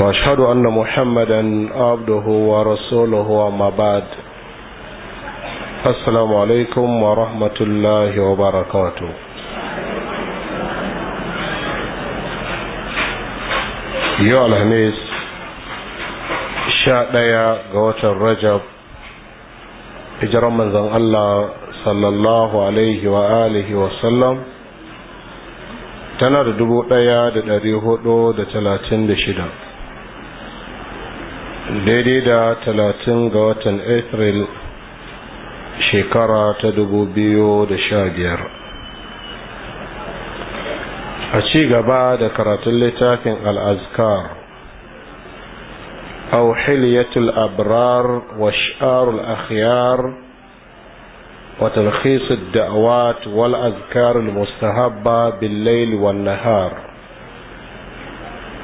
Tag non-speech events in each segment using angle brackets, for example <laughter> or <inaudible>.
واشهد ان محمدا عبده ورسوله وما بعد السلام عليكم ورحمه الله وبركاته يا الهنيس sha ɗaya ga watan rajab hijiran manzon Allah sallallahu alaihi wa alihi wa sallam tana da dubu ɗaya da ɗari hudu da talatin da shida daidai da talatin ga watan Afril shekara ta dubu biyu da sha biyar a ci gaba da karatun littafin al'azkar au hiliyatul abrar wa sha'arul akhyar wa talkhisul da'awat wal azkarul mustahabba bil wal nahar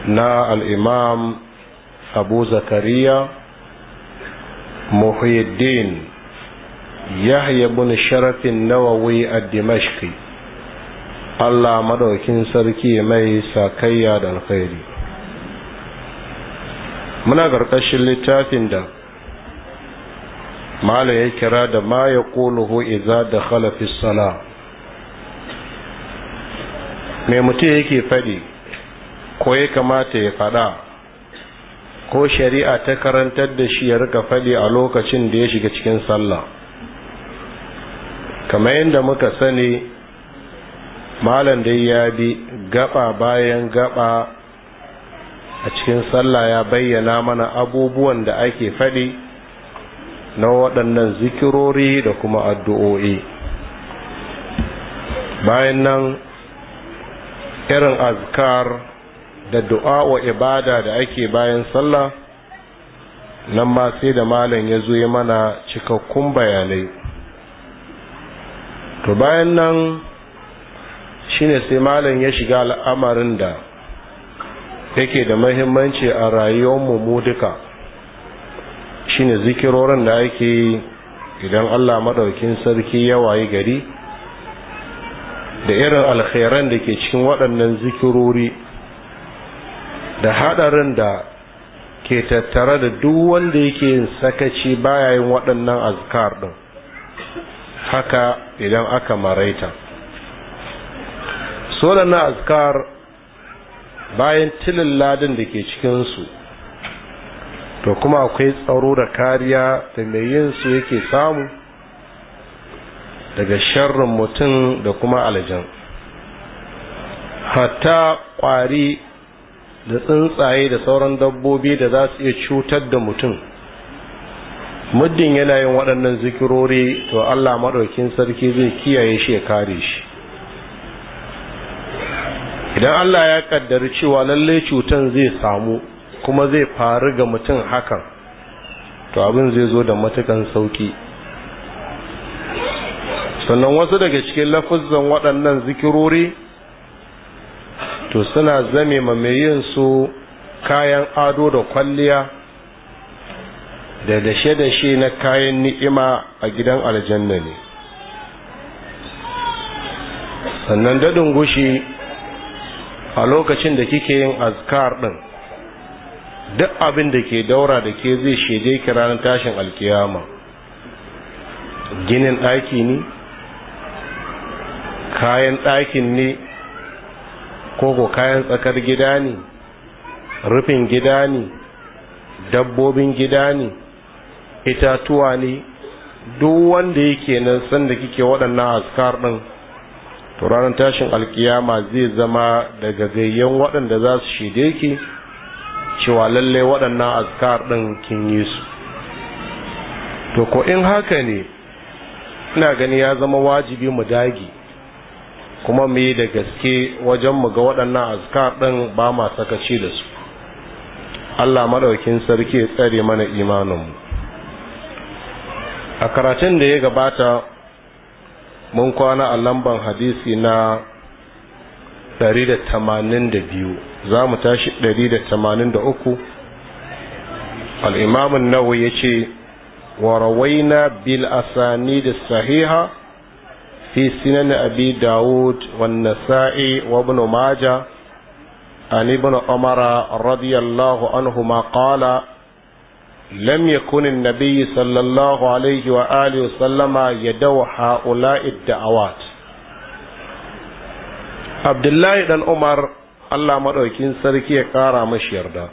na al'imam abu zakariya muhyiddin yahya bin sharafin nawa nawawi a dimashki allah maɗaukin sarki mai sakayya da alkhairi muna ƙarƙashin littafin da malam ya kira da ma ya ƙuluhu iza da khalafis sana mai mutum yake faɗi ko ya kamata ya faɗa ko shari'a ta karantar da shi ya rika faɗi a lokacin da ya shiga cikin sallah kamar yadda muka sani malam dai ya bi gaba bayan gaba a cikin sallah ya bayyana mana abubuwan da ake faɗi na waɗannan zikirori da kuma addu'o'i bayan nan irin azkar da du'a wa ibada da ake bayan sallah nan ma sai da malam ya zo ya mana cikakkun bayanai to bayan nan shine sai malam ya shiga al'amarin da yake da mahimmanci a rayuwar mu duka shine zikirorin da ake yi idan allah maɗaukin sarki ya wayi gari da irin alkhairan da ke cikin waɗannan zikirori da hadarin da ke tattare da duk wanda yake yin sakaci baya yin waɗannan azkar ɗin haka idan aka maraita su waɗannan azkar bayan tilin ladin da ke cikinsu to kuma akwai tsaro da kariya da mai yin su yake samu daga sharrin mutum da kuma aljan hatta ƙwari da tsuntsaye da sauran dabbobi da za su iya cutar da mutum muddin yana yin waɗannan zikirori to allah maɗaukin sarki zai kiyaye shi ya kare shi idan allah ya ƙaddari cewa lallai cutan zai samu kuma zai faru ga mutum hakan to abin zai zo da matukan sauki sannan wasu daga cikin lafazan waɗannan zikirori to suna zame ma mai yin su kayan ado da kwalliya da dashe-dashe na kayan ni'ima a gidan aljanna ne sannan daɗin gushi a lokacin da kike yin azkar ɗin duk abin da ke daura da ke zai shaide ki ranar tashin alkiyama ginin ɗaki ne kayan ɗakin ne koko kayan tsakar gida ne rufin gida ne dabbobin gida ne itatuwa ne duk wanda yake nan sanda kike waɗannan askar ɗin to ranar tashin alkiyama zai zama daga gayyan waɗanda za su shide ki cewa lalle waɗannan askar ɗin kin yi su to ko in haka ne ina gani ya zama wajibi mu dage kuma mu yi da gaske wajen mu ga waɗannan azkar ɗin ba ma sakaci da su Allah maɗaukin sarki ya tsare mana imaninmu a karatun da ya gabata mun kwana a lamban hadisi na 182 za mu tashi 183 al'imamun nawa ya ce warawaina bil asani da sahiha في سنن أبي داود والنسائي وابن ماجة عن ابن عمر رضي الله عنهما قال لم يكن النبي صلى الله عليه وآله وسلم يدعو هؤلاء الدعوات عبد الله بن عمر Allah maɗaukin sarki ya ƙara mashi yarda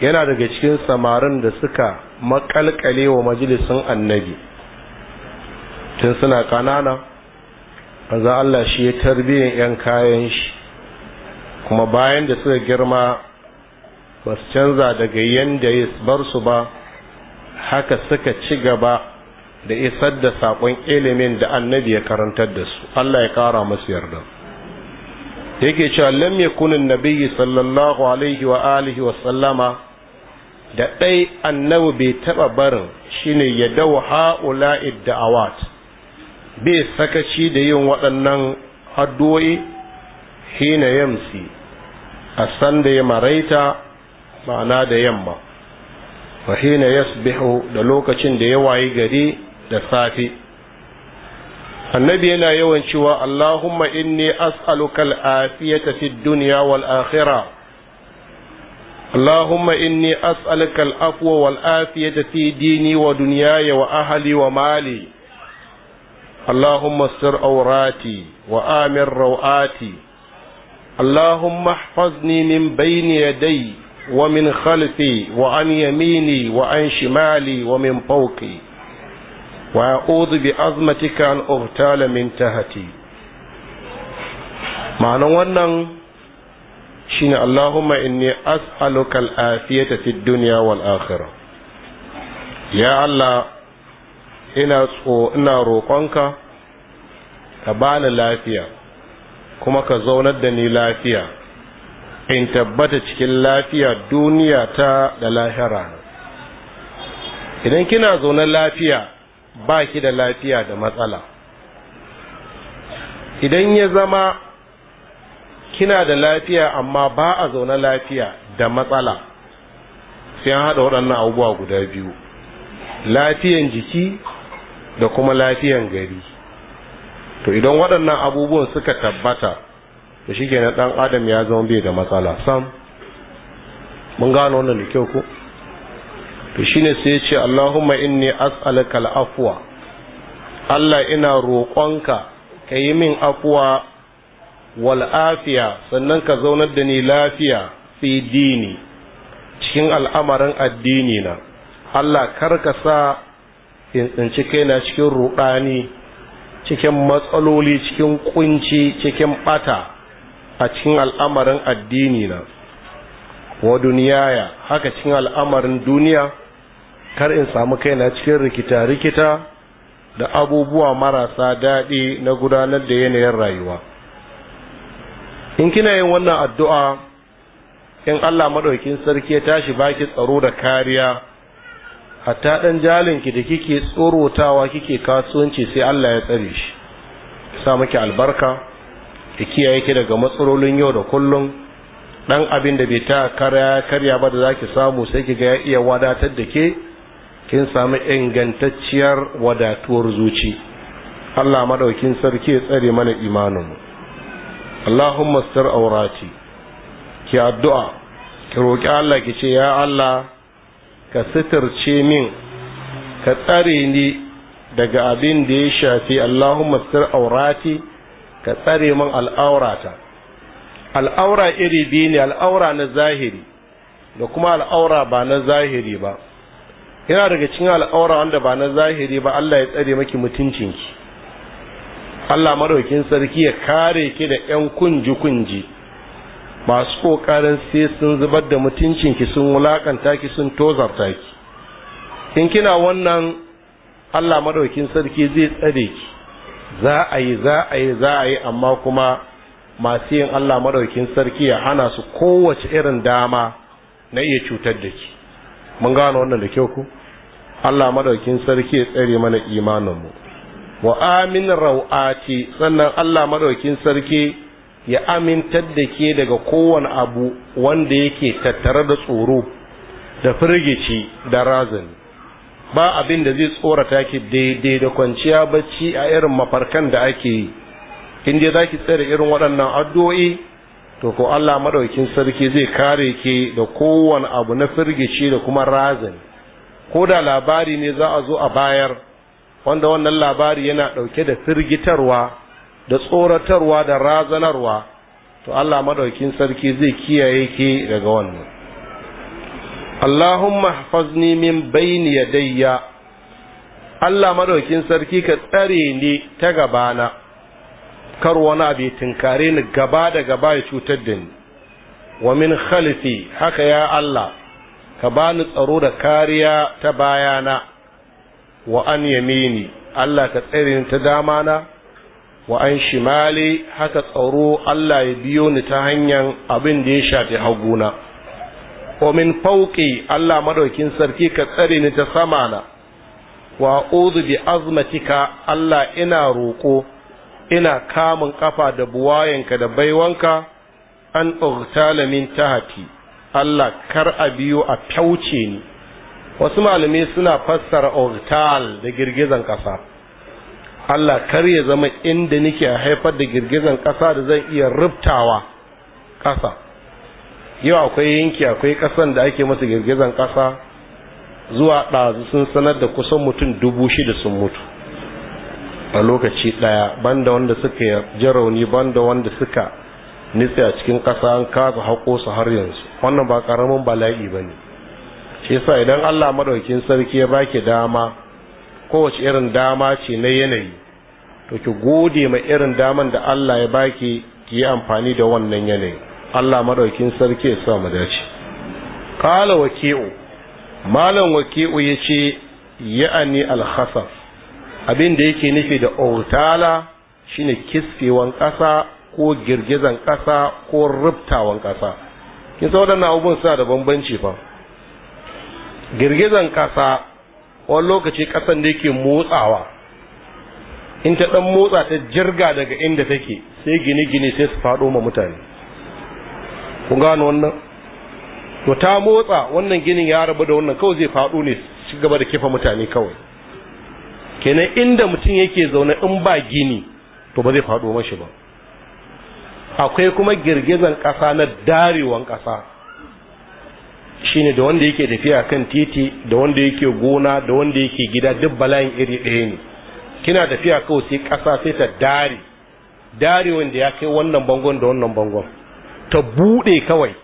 yana daga cikin samarin da suka makalkale wa majalisun annabi tun suna ƙanana manzan Allah shi ya tarbiyyar 'yan kayan shi kuma bayan da suka girma ba su canza daga yadda ya bar su ba haka suka ci gaba da isar da saƙon ilimin da annabi ya karantar da su Allah ya kara masu yarda yake cewa lam yakunin nabiyyi sallallahu alaihi wa alihi wa sallama da ɗai annabi bai taɓa barin shine ya dau ha'ula'id da'awat bai sakaci da yin waɗannan addu'o'i hina yamsi a san da ya maraita ma'ana da yamma wa hina yasbihu da lokacin da ya wayi gari da safe annabi yana yawan cewa allahumma inni as'aluka al'afiyata fid dunya wal akhirah اللهم إني أسألك العفو والعافية في wa ودنياي wa mali. اللهم استر عوراتي وآمن روآتي اللهم احفظني من بين يدي ومن خلفي وعن يميني وعن شمالي ومن فوقي وأعوذ بعظمتك أن أغتال من تهتي معنى ونن شين اللهم إني أسألك العافية في الدنيا والآخرة يا الله ina tso ina roƙonka ka bani lafiya kuma ka zaunar da ni lafiya in tabbata cikin lafiya duniya ta da lahira idan kina zaune lafiya ba ki da lafiya da matsala idan ya zama kina da lafiya amma ba a zaune lafiya da matsala sai an haɗa waɗannan abubuwa guda biyu lafiyan jiki da kuma lafiyan gari to idan waɗannan abubuwan suka tabbata da shi kenan ɗan adam ya zama bai da matsala sam mun gano wannan da kyau ku. to shi ne sai ce Allahumma inni as'aluka al-afwa Allah ina roƙonka ka yi min afuwa wal'afiya sannan ka zaunar da ni lafiya fi dini cikin al'amarin addini na Allah kar ka sa in tsinci kaina cikin rudani cikin matsaloli cikin kunci cikin bata a cikin al'amarin addini na wa duniyaya haka cikin al'amarin duniya kar in samu kaina cikin rikita-rikita da abubuwa marasa daɗi na gudanar da yanayin rayuwa in kina yin wannan addu'a in Allah maɗaukin sarki ya tashi baki tsaro da kariya hatta dan ki da kike tsorotawa kike kasuwanci sai Allah ya tsare shi sa miki albarka ya kiyaye ki daga matsalolin yau da kullum Ɗan abin da bai ta karya karya ba da zaki samu sai ki ga ya iya wadatar da ke kin samu ingantacciyar wadatuwar zuci Allah madaukin sarki ya tsare mana imaninmu Allahumma sir aurati ki addu'a ki roki Allah ki ce ya Allah ka suturce min ka tsare ni daga abin da ya shafi Allahumma sir aurati ka tsare min al'aurata al'aura iri biyu ne al'aura na zahiri da kuma al'aura ba na zahiri ba yana daga cikin al'aura wanda ba na zahiri ba Allah ya tsare maki mutuncinki Allah madaukin sarki ya kare ki da 'yan kunji-kunji masu kokarin sai sun zubar da mutuncin ki sun wulakanta ki sun tozarta ki in kina wannan Allah madaukin sarki zai tsare ki za a yi za a yi za a yi amma kuma masu yin Allah madaukin sarki ya hana su kowace irin dama na iya cutar da ki mun gano wannan da kyau ku Allah madaukin sarki ya tsare mana imaninmu wa amin rau'ati sannan Allah madaukin sarki ya amintar da ke daga kowane abu wanda yake tattare da tsoro da firgici da razani ba abin da zai tsorata ki daidai da kwanciya bacci a irin mafarkan da ake yi in dai za ki tsare irin waɗannan addu'o'i to ko Allah maɗaukin sarki zai kare ke da kowane abu na firgici da kuma razani ko da labari ne za a zo a bayar wanda wannan labari yana ɗauke da firgitarwa da tsoratarwa da razanarwa to Allah madaukin sarki zai kiyaye ki daga wannan Allahumma hafazni min bayni yadayya Allah madaukin sarki ka tsare ni ta gabana kar wani abu ya tunkare ni gaba da gaba ya cutar da ni wa min khalfi haka ya Allah ka bani tsaro da kariya ta bayana wa an yamini Allah ka tsare ni ta dama na. wa an shimali haka tsaro Allah ya biyo ni ta hanyar abin da ya shafi haguna wa min fauƙi Allah madaukin sarki ka tsare ni ta sama na wa a'udhu bi azmatika Allah ina roƙo ina kamun ƙafa da buwayenka da baiwanka an ugtala min tahati Allah kar a biyo a fyauce ni wasu malamai suna fassara ugtal da girgizan kasa Allah kar ya zama inda nake haifar da girgizan ƙasa da zan iya rubtawa ƙasa yau akwai yanki akwai kasan da ake masa girgizan ƙasa zuwa ɗazu sun sanar da kusan mutum dubu shida sun mutu a lokaci ɗaya banda wanda suka jarauni banda wanda suka nitse a cikin ƙasa an kasa haƙo su har yanzu wannan ba ƙaramin bala'i ba ne shi yasa idan allah madaukin sarki ya baki dama kowace irin dama ce na yanayi to ki gode ma irin daman da Allah ya baki ki yi amfani da wannan yanayi Allah madaukin sarki ya sa mu dace qala waki'u malam waki'u yace ya'ani al-khasaf abin da yake nufi da otala shine kisfewan ƙasa ko girgizan ƙasa ko rubtawan ƙasa kin san wannan abubuwan suna da bambanci fa girgizan ƙasa wani lokaci kasan da yake motsawa in ta dan motsa ta jirga daga inda take sai gine-gine sai su faɗo ma mutane ku gano wannan to ta motsa wannan ginin ya rabu da wannan kawai zai faɗo ne ci gaba da kifa mutane kawai kenan inda mutum yake zauna in ba gini to ba zai faɗo mashi ba akwai kuma girgizan ƙasa na darewan ƙasa shine da wanda yake tafiya kan titi da wanda yake gona da wanda yake gida duk bala'in iri ɗaya ne kina tafiya kawai sai ƙasa sai ta dare dare wanda ya kai wannan bangon da wannan bangon ta buɗe kawai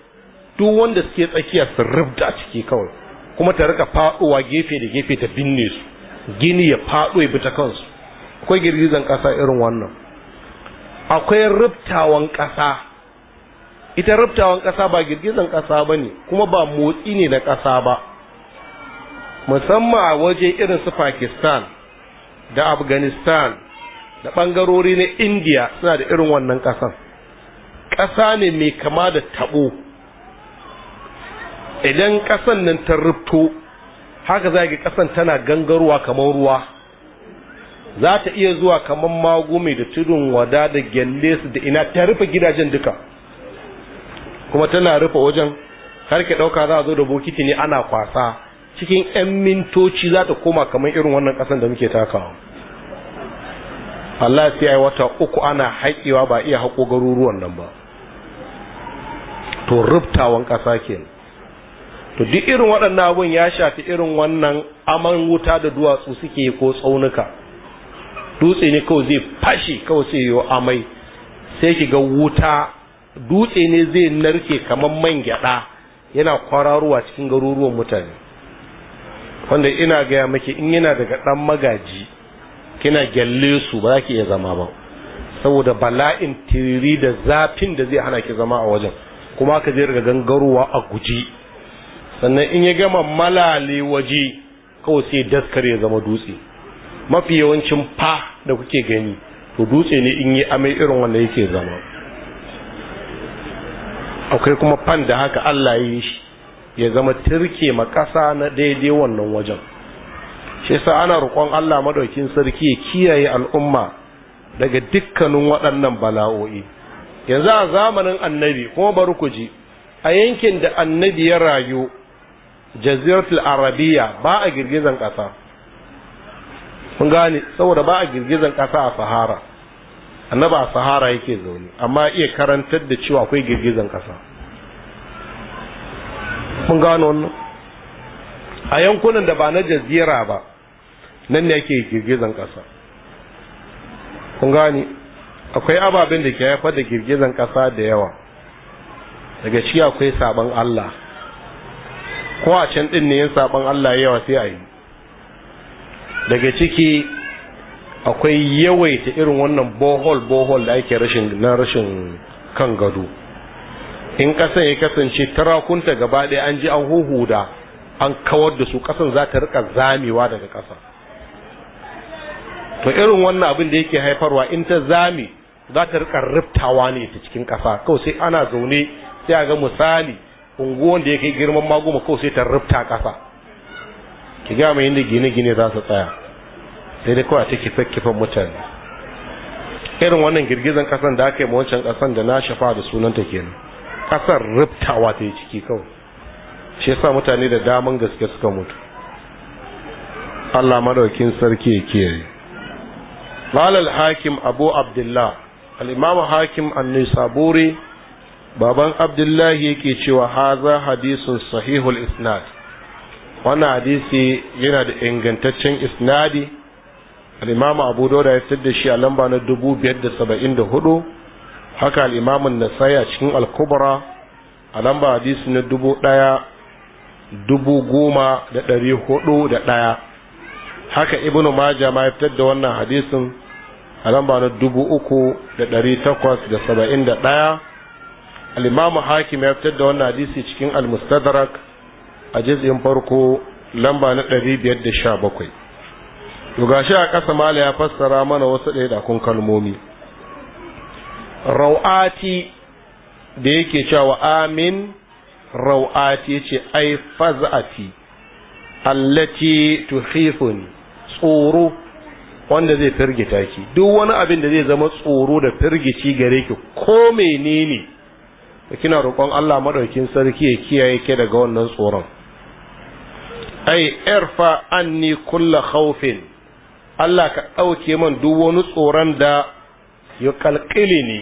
duk wanda suke tsakiya su rubda a ciki kawai kuma ta rika faɗowa gefe da gefe ta binne su gini ya faɗo ya bi ta kansu akwai girgizan ƙasa irin wannan akwai rubtawan ƙasa ita rubtawan ƙasa ba girgizan ƙasa ba ne kuma ba motsi ne na ƙasa ba musamman a waje irin su pakistan da afghanistan da ɓangarori na indiya suna da irin wannan ƙasan ƙasa ne mai kama da taɓo idan ƙasan nan ta rubto haka za ga ƙasan tana gangarwa kamar ruwa za ta iya zuwa kamar mai da tudun wada da gyalle su da ina ta rufe gidajen duka kuma tana rufe wajen har ki ɗauka za a zo da bokiti ne ana kwasa cikin 'yan mintoci za ta koma kamar irin wannan ƙasan da muke takawa Allah sai ai wata uku ana haƙewa ba iya haƙo garuruwan nan ba to rubtawan ƙasa kenan to duk irin waɗannan abun ya shafi irin wannan aman wuta da duwatsu suke ko tsaunuka dutse ne kawai zai fashe kawai sai yiwu amai sai ki ga wuta dutse ne zai narke kamar man gyada yana kwararowa cikin garuruwan mutane wanda ina gaya maki in yana daga dan magaji kina gyalle su ba za ki iya zama ba saboda bala'in tiriri da zafin da zai hana ki zama a wajen kuma ka je daga gangarwa a guji sannan in ya gama malale waje kawai sai daskar ya zama dutse mafi yawancin fa da kuke gani to dutse ne in yi amai irin wanda yake zama akwai kuma fan da haka Allah ya yi shi ya zama turke ma ƙasa na daidai wannan wajen shi yasa ana roƙon Allah madaukin sarki ya kiyaye al'umma daga dukkanin waɗannan bala'o'i yanzu a zamanin annabi kuma bari ku ji a yankin da annabi ya rayu jaziratul arabiya ba a girgizan ƙasa kun gane saboda ba a girgizan ƙasa a sahara annaba a sahara yake zaune amma iya karantar da cewa akwai girgizan kasa mun gano wannan a yankunan da ba na jazira ba nan ne ake girgizan kasa kun gane akwai ababen da ke haifar da girgizan kasa da yawa daga ciki akwai sabon Allah ko a can din ne yin sabon Allah yawa sai a yi daga ciki akwai yawaita irin wannan bohol bohol da ake rashin na rashin kan gado in kasan ya kasance tarakunta gaba ɗaya an ji an huhuda an kawar da su kasan za ta rika zamewa daga ƙasa to irin wannan abin da yake haifarwa in ta zame za ta rika riftawa ne ta cikin ƙasa kawai sai ana zaune sai a ga misali unguwan da ya kai girman maguma kawai sai ta rifta ƙasa ki gama da gine-gine za su tsaya sai dai kawai ta kife-kifen mutane irin wannan girgizan kasan da aka yi mawancan kasan da na shafa da sunanta kenan kasar riftawa ta yi ciki kawai shi yasa mutane da damar gaske suka mutu Allah madaukin sarki ya kiyaye Malal Hakim Abu Abdullah al Hakim An-Nisaburi baban Abdullahi yake cewa haza hadisun sahihul isnad wannan hadisi yana da ingantaccen isnadi al-imam abu dauda ya fitar da shi a lamba na 574 haka al-imam an-nasai a cikin al-kubra a lamba hadisi na 10,401 haka ibnu majah ma ya fitar da wannan hadisin a lamba na 3,871 al Al'imamu hakim ya fitar da wannan hadisi cikin al-mustadrak a jiz'in farko lamba na 517 to gashi a ƙasa mala ya fassara mana wasu ɗaya da kun kalmomi rau'ati da yake cewa amin rau'ati ce ai faz'ati allati tuhifun tsoro wanda zai firgita ki duk wani abin da zai zama tsoro da firgici gare ki ko menene kina roƙon Allah madaukin sarki ya kiyaye ke daga wannan tsoron ai irfa anni kulla khawfin Allah ka ɗauke man duk wani tsoron da ya kalkile ni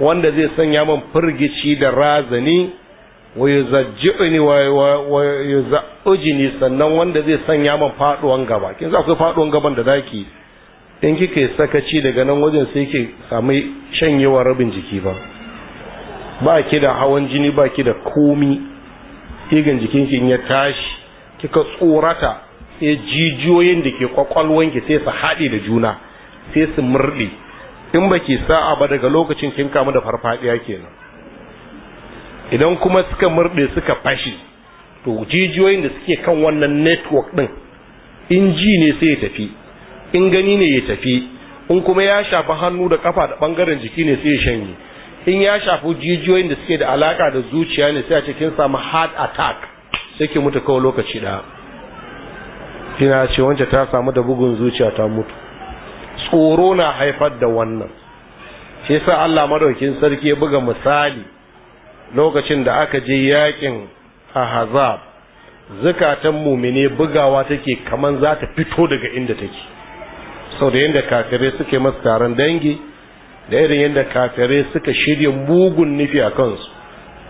wanda zai sanya man firgici da razani wa ya zajji'ini wa ya za'ujini sannan wanda zai sanya man faɗuwan gaba kin za ku faɗuwan gaban da zaki in kike sakaci daga nan wajen sai ke sami shanyewa rabin jiki ba ba ki da hawan jini ba ki da komi igan jikin ki ya tashi kika tsorata sai jijiyoyin da ke ki sai su haɗe da juna sai su murɗe in ba ki sa'a ba daga lokacin kin kama da farfaɗiya kenan idan kuma suka murɗe suka fashe to jijiyoyin da suke kan wannan network ɗin in ji ne sai ya tafi in gani ne ya tafi in kuma ya shafi hannu da kafa da bangaren jiki ne sai ya shanye in ya shafi jijiyoyin da suke da alaka da zuciya ne sai a cikin samu heart attack sai ki mutu kawai lokaci ɗaya ina ce wance ta samu da bugun zuciya ta mutu tsoro na haifar da wannan shi yasa Allah madaukin sarki ya buga misali lokacin da aka je yakin ahzab zakatan mumine bugawa take kaman za ta fito daga inda take sau da yadda kafirai suke masu taron dangi da irin yadda kafirai suka shirya mugun nufi a kansu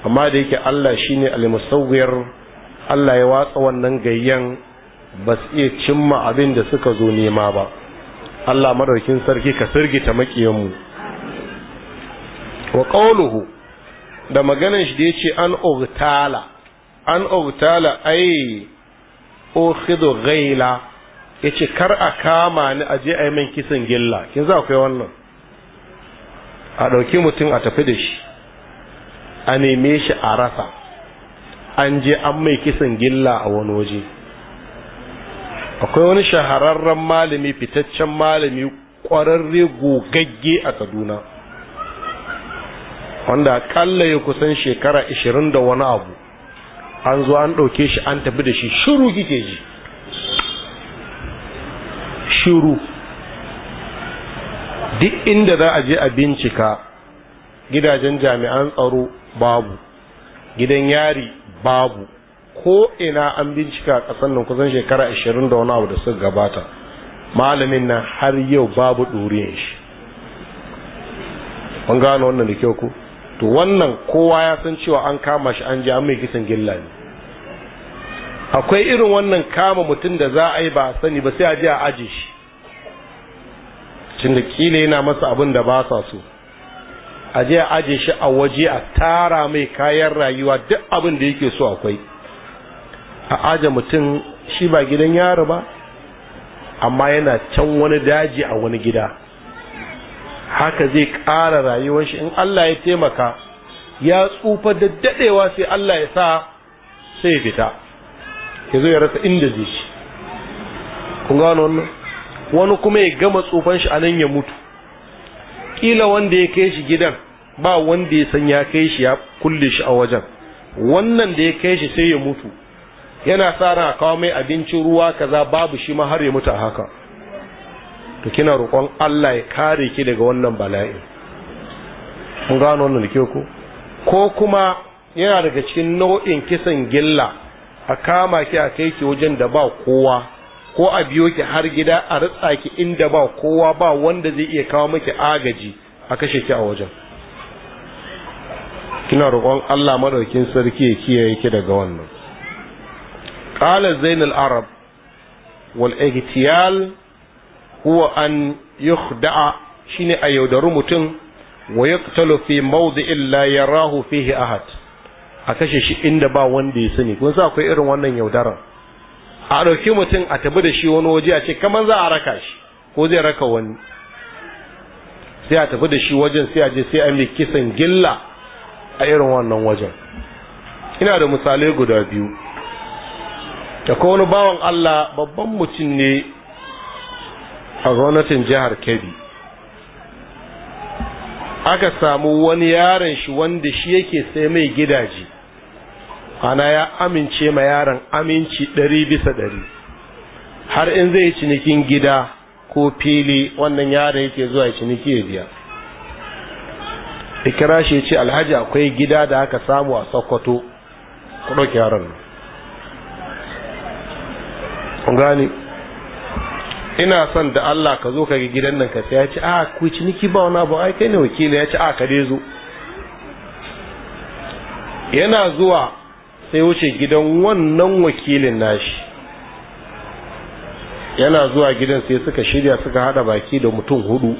amma da yake Allah shine almusawwir Allah ya watsa wannan gayyan ba su iya cimma abin da suka zo nema ba Allah madaukin sarki ka sirgita makiyanmu wa qawluhu da maganan shi da yace an ugtala an ugtala ai ukhidu ghaila yace kar a kama ni a je a min kisan gilla kin za ku akwai wannan a ɗauki mutum a tafi da shi a neme shi a rasa an je an mai kisan gilla a wani waje akwai wani shahararren malami fitaccen malami ƙwararre gogagge a kaduna wanda kalla ya kusan shekara ishirin da wani abu an zo an ɗauke shi an tafi da shi shiru kike ji shiru duk inda za a je a bincika gidajen jami'an tsaro babu gidan yari babu ko ina an bincika a ƙasar nan kusan shekara ashirin da wani abu da suka gabata malamin nan har yau babu ɗoriyar shi an gano wannan da kyau ku to wannan kowa ya san cewa an kama shi an ji an mai kisan gilla ne akwai irin wannan kama mutum da za a yi ba sani ba sai a ji a aji shi cin da kila yana masa abin da ba sa so a je a aje shi a waje a tara mai kayan rayuwa duk abin da yake so akwai a aje mutum shi ba gidan yaro ba amma yana can wani daji a wani gida haka zai ƙara rayuwar shi in Allah ya taimaka ya tsufa da daɗewa sai Allah ya sa sai ya fita ya zo ya rasa inda zai shi kun gano wannan wani kuma ya gama tsufan shi a nan ya mutu ƙila wanda ya kai shi gidan ba wanda ya san ya kai shi ya kulle shi a wajen wannan da ya kai shi sai ya mutu yana sa ran a kawo mai abincin ruwa kaza babu shi ma har ya mutu a haka to kina roƙon Allah ya kare ki daga wannan bala'i mun gano wannan da ku ko kuma yana daga cikin nau'in kisan gilla a kama ki a kai ki wajen da ba kowa ko a biyo ki har gida a ritsa ki inda ba kowa ba wanda zai iya kawo maki agaji a kashe ki a wajen kina roƙon Allah madaukin sarki ya kiyaye ki daga wannan قال زين العرب والاغتيال هو أن يخدع شيني أيودر متن ويقتل في موضع لا يراه فيه أحد a kashe shi inda ba wanda ya sani kun sa akwai irin wannan yaudaran a ɗauki mutum a tabi da shi wani waje a ce kamar za a raka shi ko zai raka wani sai a tafi da shi wajen sai a je sai a mi kisan gilla a irin wannan wajen ina da misalai guda biyu da ko wani bawan Allah babban mutum ne a gwamnatin jihar Kebbi aka samu wani yaron shi wanda shi yake sai mai gidaje ana ya amince ma yaron aminci ɗari bisa ɗari har in zai cinikin gida ko fili wannan yaron yake zuwa ciniki ya biya Ikirashi shi ce alhaji akwai gida da aka samu a sokoto ku ɗauki yaron nan kun gane ina son da Allah ka zo ka gidan nan ka ya ce a ku ciniki ba wani abu ai kai ne wakili ya ce a ka dai zo yana zuwa sai wuce gidan wannan wakilin nashi yana zuwa gidan sai suka shirya suka hada baki da mutum hudu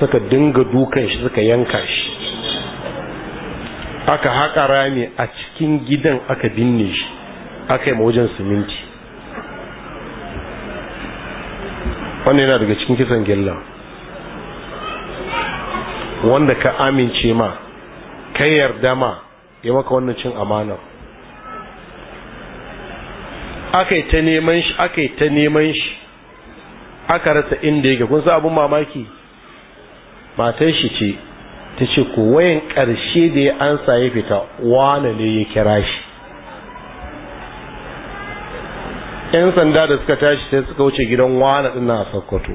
suka dinga dukan shi suka yanka shi aka haƙa rami a cikin gidan aka binne shi aka yi wajen siminti wannan yana daga cikin kisan gilla wanda ka amince ma ka yarda ma ya maka wannan cin amana aka yi ta neman shi aka yi ta neman shi aka rasa inda yake kun sa abun mamaki matan shi ce ta ce ko wayan ƙarshe da ya ansa ya fita wane ne ya kira shi yan sanda da suka tashi sai suka wuce gidan wani din na sakkwato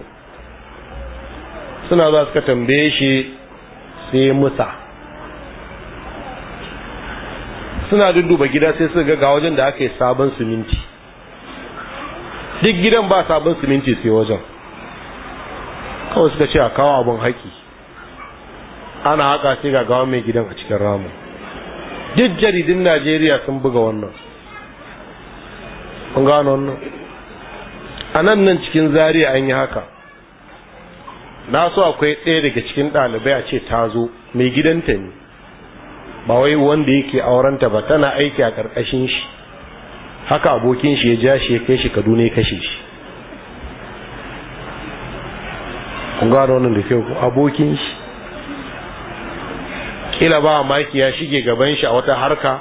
suna za suka tambaye shi sai musa suna dudduba gida sai suka ga wajen da aka yi sabon siminti duk gidan ba sabon siminti sai wajen kawai suka ce a kawo abin haƙi ana haka sai ga gawa mai gidan a cikin ramin duk jaridin najeriya sun buga wannan kun gano wannan a nan nan cikin zariya an yi haka na so akwai ɗaya daga cikin ɗalibai a ce ta zo mai gidanta ne ba wai wanda yake aurenta ba tana aiki a ƙarƙashin shi haka abokin shi ya ja shi ya kai shi kaduna ya kashe shi kun gano wannan da kyau abokin shi kila ba maki ya shige gaban shi a wata harka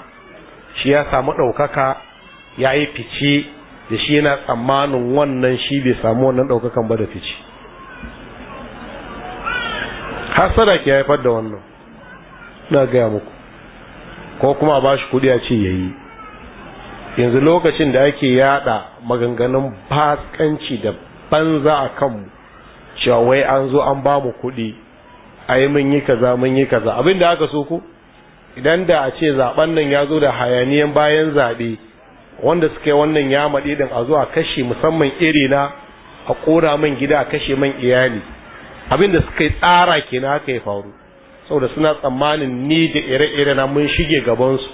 shi ya samu ɗaukaka ya yi fice da shi yana tsammanin wannan shi bai samu wannan ɗaukakan ba da fice hasada ke haifar da wannan na gaya muku ko kuma a shi kuɗi a ce ya yi yanzu lokacin da ake yada maganganun baskanci da banza a kanmu cewa wai an zo an ba mu kuɗi a yi mun yi kaza mun yi kaza abin da aka so ku idan da a ce zaben nan ya zo da hayaniyan bayan zaɓe wanda suka yi wannan yamaɗe din a zuwa kashe musamman iri na a ƙora man gida a kashe man iyali abin da suka yi tsara kenan haka ya faru saboda suna tsammanin ni da ire-ire na mun shige gabansu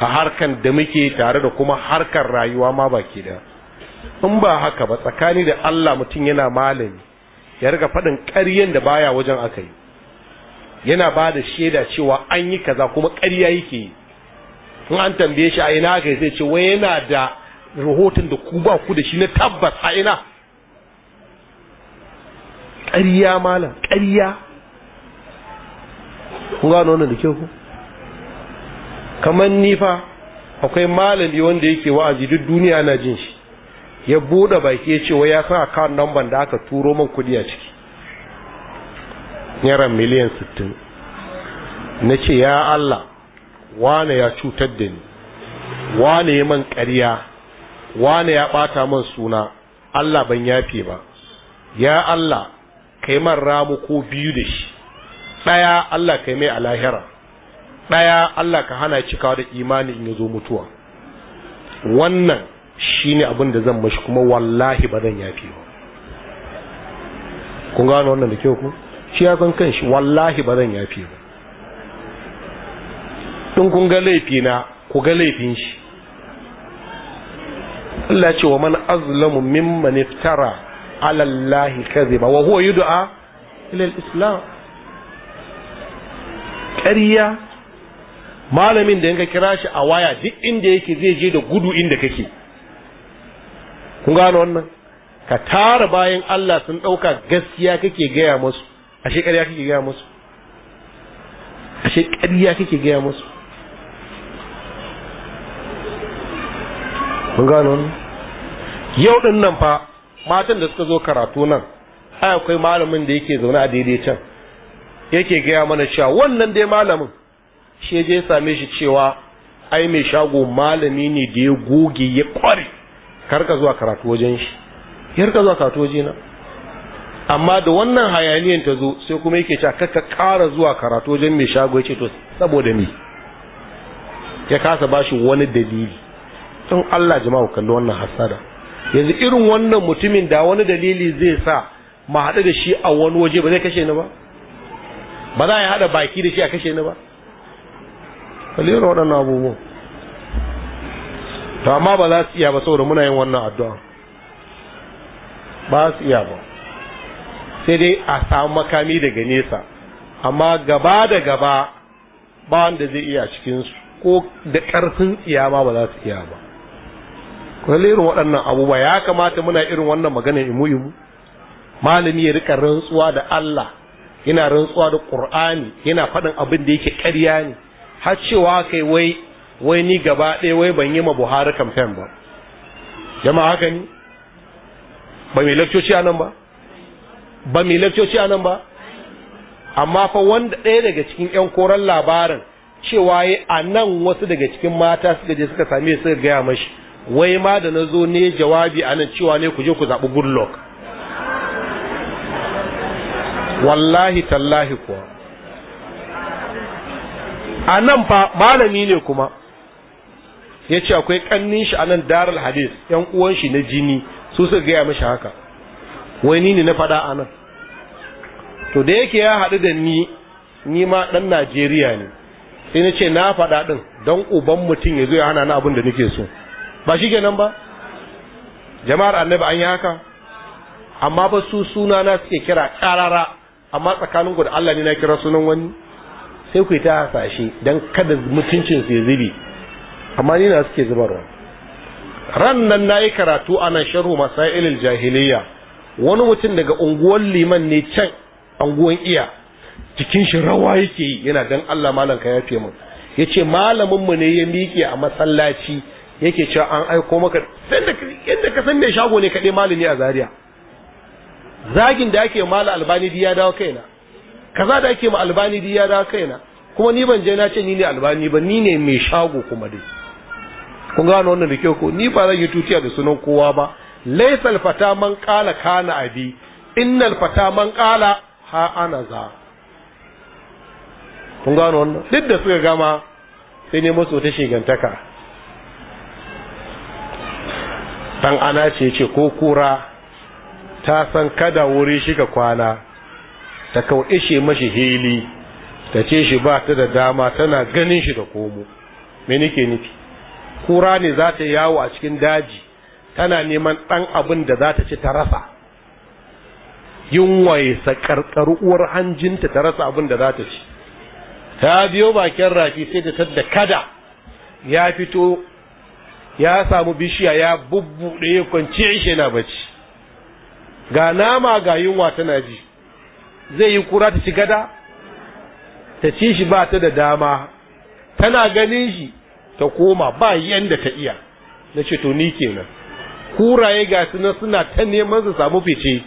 a harkan da muke tare da kuma harkar rayuwa ma baki da in ba haka ba tsakani da Allah mutum yana malami ya riga faɗin ƙaryen da baya wajen aka yi yana ba da shaida cewa an yi kaza kuma ƙarya yake yi sun an tambaye shi a ina kai zai ce wai yana da rahoton da ku ba ku da shi na tabbas a ina ƙariya malam ƙariya ku gano wannan da kyau kamar nifa fa akwai malami wanda yake wa'azi duk duniya na jin shi ya bude baki ya ce wai ya san account number da aka turo man kudi a ciki yaran miliyan 60 na ce ya Allah wane ya cutar da ni wane ya man ƙarya wane ya ɓata man suna Allah ban yafe ba ya Allah kai man ramu ko biyu da shi ɗaya Allah kai mai alahira ɗaya Allah ka hana cikawa da imani in ya zo mutuwa wannan ne abin da zan mashi kuma wallahi ba zan yafe ba kun gano wannan da kyau ku shi ya san kanshi wallahi ba zan yafe ba in kun ga laifina ku ga laifin shi Allah ce wa man azlamu mimman iftara ala Allah kadhiba wa huwa yud'a ila al-islam ƙarya malamin da yanka kira shi a waya duk inda yake zai je da gudu inda kake kun gano wannan ka tara bayan Allah sun ɗauka gaskiya kake gaya musu ashe ƙarya kake gaya musu ashe ƙarya kake gaya musu mun gano wannan yau din nan fa matan da suka zo karatu nan ai akwai malamin da yake zaune a daidai can yake gaya mana cewa wannan dai malamin shi je same shi cewa ai mai shago malami ne da ya goge ya kware karka zuwa karatu wajen shi yarka zuwa karatu wajena amma da wannan hayaniyan ta zo sai kuma yake cewa ka kara zuwa karatu wajen mai shago yace to saboda ni ya kasa bashi wani dalili don Allah jama'a kalli wannan hasada yanzu irin wannan mutumin da wani dalili zai sa ma haɗu da shi a wani waje ba zai kashe ni ba ba za a haɗa baki da shi a kashe ni ba kalli waɗannan abubuwan to amma ba za su iya ba saboda muna yin wannan addu'a ba su iya ba sai dai a samu makami daga nesa amma gaba da gaba ba wanda zai iya cikinsu ko da ƙarfin tsiyama ba za su iya ba wani irin waɗannan abubuwa ya kamata muna irin wannan magana imu imu malami ya rika rantsuwa da Allah yana rantsuwa da Qur'ani yana faɗin abin da yake ƙarya ne har cewa kai wai wai ni gaba ɗaya wai ban yi ma Buhari campaign ba jama'a haka ni ba mai lakcoci a nan ba ba mai lakcoci a nan ba amma fa wanda ɗaya daga cikin ƴan koren labarin cewa a nan wasu daga cikin mata suka je suka same suka gaya mashi wai ma da na zo ne jawabi a nan cewa ne ku je ku zaɓi goodluck wallahi tallahi kuwa a nan fa malami ne kuma ya ce akwai ƙannin shi a nan daral hadis yan uwan shi na jini su su gaya mashi haka wai ni ne na faɗa a nan to da yake ya haɗu da ni ni ma ɗan najeriya ne sai na ce na faɗa ɗin don uban mutum ya zo ya hana ni abin da nake so ba shi kenan ba jama'ar annabi an yi haka amma ba su suna na suke kira karara amma tsakanin ku da Allah ne na kira sunan wani sai ku yi ta hasashe don kada mutuncin su ya amma ni na suke zubarwa ran nan na yi karatu a nan sharhu masailil jahiliya wani mutum daga unguwar liman ne can unguwan iya cikin shi rawa yake yi yana dan Allah malam ka yafe min ce malamin mu ne ya miƙe a masallaci yake cewa an aiko maka yadda ka san mai shago ne kaɗai malami a zaria zagin da ake mala albani ya dawo kaina kaza da ake ma albani ya dawo kaina kuma ni ban je na ce ni ne albani ba ni ne mai shago kuma dai kun gano wannan da kyau ko ni ba zan yi tutiya da sunan kowa ba laisal fata man kala kana abi innal fata man kala ha ana za kun gano wannan duk da suka gama sai ne musu ta shigantaka dan ana ce ce ko kura ta san kada wuri shi ka kwana ta ishe mashi hili ta ce shi ba ta da dama tana ganin shi da komo me nake nufi kura ne za ta yawo a cikin daji tana neman ɗan abin da za ta ci ta rasa yunwaye sa uwar hanjinta ta rasa abin da za ta ci ta biyo bakin rafi sai ta tadda kada ya fito ya samu bishiya ya bubbuɗe ya kwanci shi na bacci ga nama ga yunwa tana ji zai yi kura ta ci gada ta ci shi ba ta da dama tana ganin shi ta koma ba yanda ta iya na ce to ni kenan kuraye ga su na suna ta neman su samu fice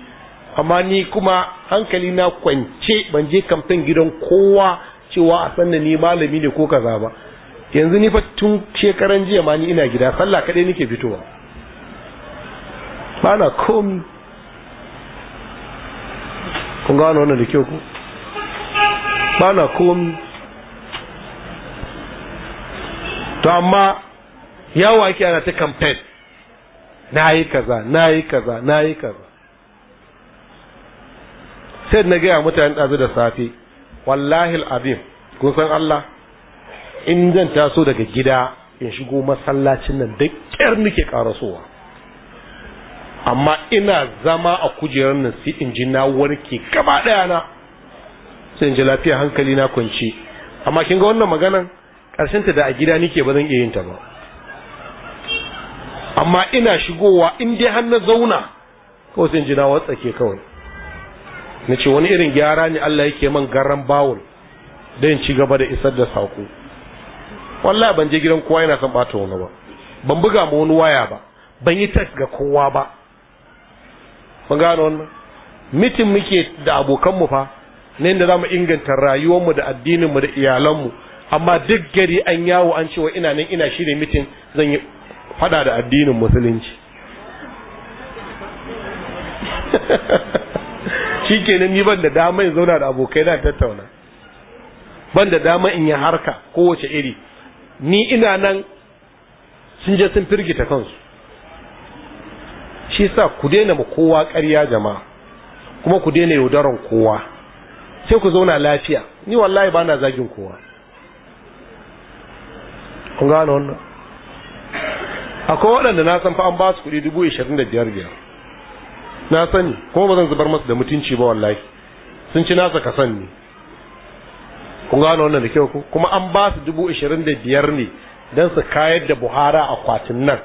amma ni kuma hankali na kwance ban je kamfin gidan kowa cewa a sanna ni malami ne ko kaza ba yanzu ni fa tun shekaran jiya ma ni ina gida sallah kadai nake fitowa ba na komi kun gano wannan da kyau ku ba na komi to amma yawo ake ana ta campaign na yi kaza na yi kaza na yi kaza sai na gaya mutane ɗazu da safe wallahi al'abim kun san Allah in zan taso daga gida in shigo masallacin nan da ƙyar nake ƙarasowa amma ina zama a kujerar nan sai in ji na warke gaba ɗaya na sai in ji lafiya hankali na kwanci amma kin ga wannan maganan ta da a gida nake ba zan iya yin ta ba amma ina shigowa in dai har na zauna kawai sai in ji na watsake kawai na ce wani irin gyara ne Allah yake man garan bawul dan ci gaba da isar da sako wallahi ban je gidan kowa yana son bata wani ba ban buga ma wani waya ba ban yi text ga kowa ba mun gano wannan mitin muke da abokanmu fa ne inda zamu inganta rayuwar mu da addinin mu da iyalanmu amma duk gari an yawo an cewa ina nan ina shirye mitin zan yi fada da addinin musulunci <laughs> shi ni ban da dama in zauna da abokai na tattauna ban da dama in yi harka kowace iri ni ina nan sun je sun firgita kansu shi sa ku daina ma kowa ƙarya jama'a kuma ku daina yaudaron kowa sai ku zauna lafiya ni wallahi ba na zagin kowa kun gane wannan akwai waɗanda na san fa an ba su kuɗi dubu ishirin da biyar biyar na sani kuma ba zan zubar masu da mutunci ba wallahi sun ci nasa san ne kun gano wannan da kyau ku kuma an ba su dubu ashirin da biyar ne don su kayar da buhari akwatin nan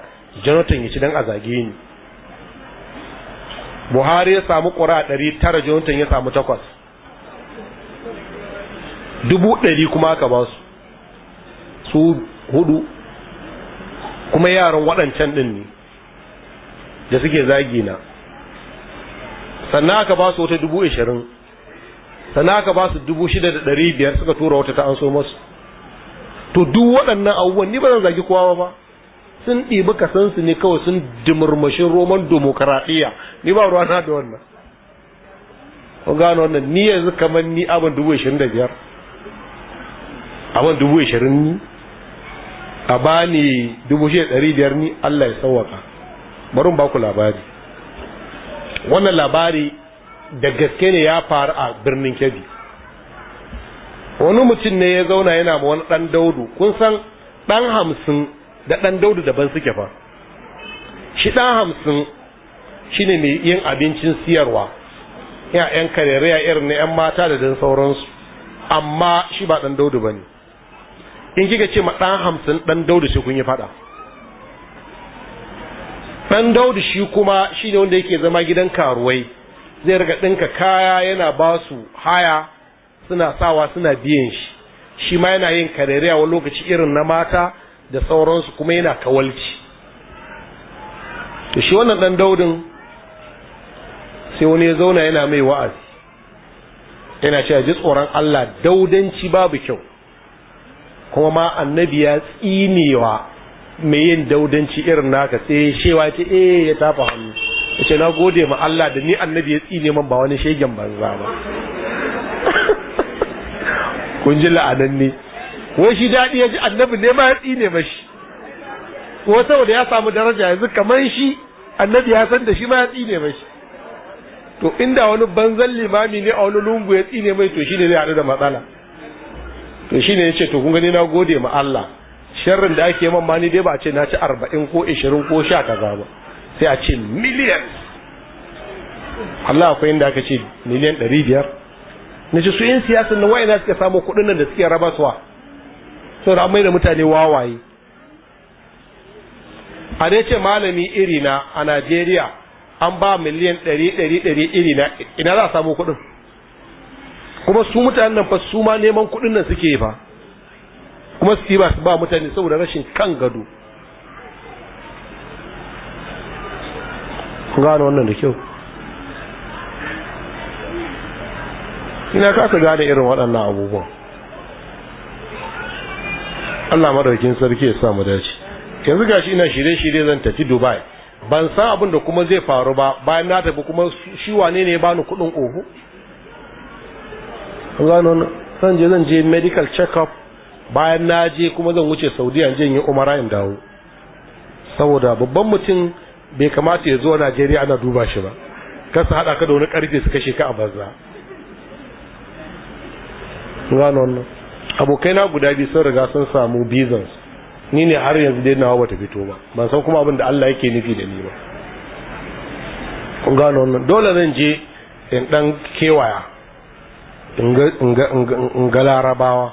jonathan ya ci don a zage ni buhari ya samu kura ɗari tara jonathan ya samu takwas dubu ɗari kuma aka ba su su hudu kuma yaran waɗancan ɗin ne da suke zage na sannan aka ba su wata dubu ashirin sannan aka ba su dubu shida da ɗari biyar suka tura wata ta an so masu to duk waɗannan abubuwan ni ba zan zagi kowa ba sun ɗibi kasansu ne kawai sun dimurmashin roman demokaraɗiyya ni ba ruwa na da wannan kun gano wannan ni yanzu kamar ni abin dubu ishirin da biyar abin dubu ishirin ni a bani dubu shida ɗari biyar ni allah ya sauwaka bari ba ku labari wannan labari da gaske ne ya faru a birnin kebbi wani mutum ne ya zauna yana ma wani dan daudu kun san dan hamsin da dan daudu daban suke fa shi dan hamsin shine mai yin abincin siyarwa ya yan karere irin na yan mata da dan sauransu amma shi ba dan daudu ba ne in kika ce ma dan hamsin dan daudu sai kun yi faɗa dan daudu shi kuma shi ne wanda yake zama gidan karuwai zai riga ɗinka kaya yana ba su haya suna sawa suna biyan shi shi ma yana yin karere wani lokaci irin na mata da sauransu kuma yana kawalci to shi wannan ɗan daudin sai wani ya zauna yana mai wa'azi yana cewa ji tsoron Allah daudanci babu kyau kuma ma annabi ya tsinewa mai yin daudanci irin naka sai shewa ce eh ya tafa hannu yace na gode ma Allah da ni annabi ya tsine man ba wani shegen banza ba <laughs> kun ji la'ananne wai shi daɗi ya ji annabi ne ma ya tsine mashi ko saboda ya samu daraja yanzu kamar shi annabi ya san da shi ma ya tsine mashi to inda wani banzan limami ne a wani lungu ya tsine mai to shine zai haɗu da matsala to shine yace to kun gani na gode ma Allah sharrin da ake man ma ni dai ba ce na ci arba'in ko ishirin ko sha kaza ba sai a ce miliyan Allah akwai inda aka ce miliyan ɗari biyar na ce su yin siyasar na wayana suka samu kuɗin nan da suke rabaswa sau da mai da mutane wawaye a dai ce malami na a najeriya an ba miliyan ɗari ɗari ɗari iri na ina za a samu kuɗin kuma su mutanen nan fa su ma neman kuɗin nan suke yi ba kuma su ba su ba mutane saboda rashin kan gado ku gane wannan da kyau ina ka ka gane irin waɗannan abubuwan Allah madaukin sarki ya sa mu dace yanzu gashi ina shirye-shirye zan tafi Dubai ban san abin da kuma zai faru ba bayan na tafi kuma shi wane ne ya bani kuɗin oho gano zan je zan je medical check-up bayan na je kuma zan wuce saudiya je yi umara in dawo saboda babban mutum bai kamata ya zo Najeriya ana duba shi ba kasa hada ka da wani karfe su kashe ka a banza gano wannan abokai na guda biyu sun riga sun samu bizans ni ne har yanzu dai nawa bata fito ba ban san kuma abin da Allah yake nufi da ni ba gano wannan dole zan je in dan kewaya in ga larabawa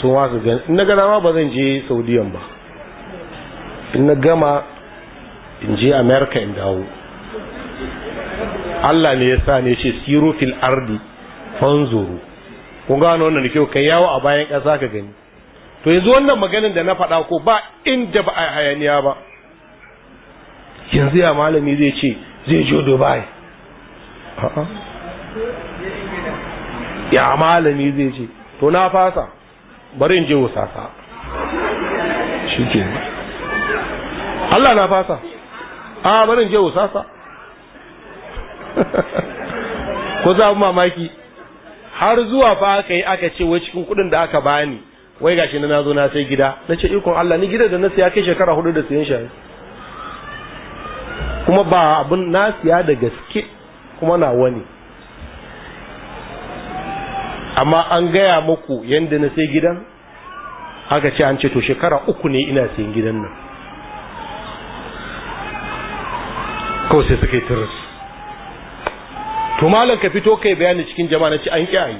sun wasu gani in na gana ma ba zan je saudiyan ba in na gama in je america in dawo Allah ne ya sa ne ce siru fil ardi fanzuru kun gano wannan kyau kai yawo a bayan ƙasa ka gani to yanzu wannan maganin da na faɗa ko ba inda ba a hayaniya ba yanzu ya malami zai ce zai jo dubai ya malami zai ce to na fasa bari in je wasasa shi ke Allah na fasa a barin je usasa ko za mu mamaki har zuwa fa aka yi aka ce wai cikin kuɗin da aka bani wai gashi na nazo na sai gida na ce ikon Allah ni gidan da na siya kai shekara hudu da siyan shi kuma ba abun na siya da gaske kuma na wani amma an gaya muku yadda na sai gidan aka ce an ce to shekara uku ne ina siyan gidan nan kawai sai suka yi tiris to malam ka fito kai bayani cikin jama'a na ci an ƙi ayi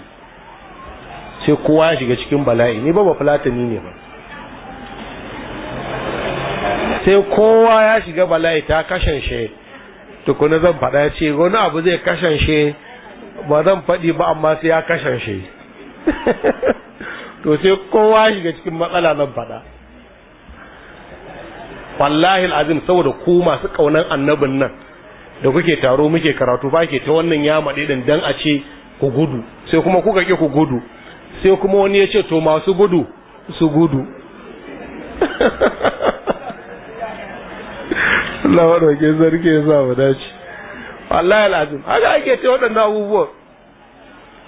sai kowa ya shiga cikin bala'i ni ba ba fulatani ne ba sai kowa ya shiga bala'i ta kashan shi tukuna zan faɗa ya ce wani abu zai kashan ba zan faɗi ba amma sai ya kashan <laughs> to sai kowa ya shiga cikin matsala nan faɗa wallahi azim saboda ku masu kaunan annabin nan da kuke taro muke karatu ba ke ta wannan ya maɗe din dan a ce ku gudu sai kuma kuka ke ku gudu sai kuma wani ya ce to masu gudu su gudu <laughs> Allah wadauke zarge ya sa mu dace wallahi azim haka ake ta waɗannan abubuwan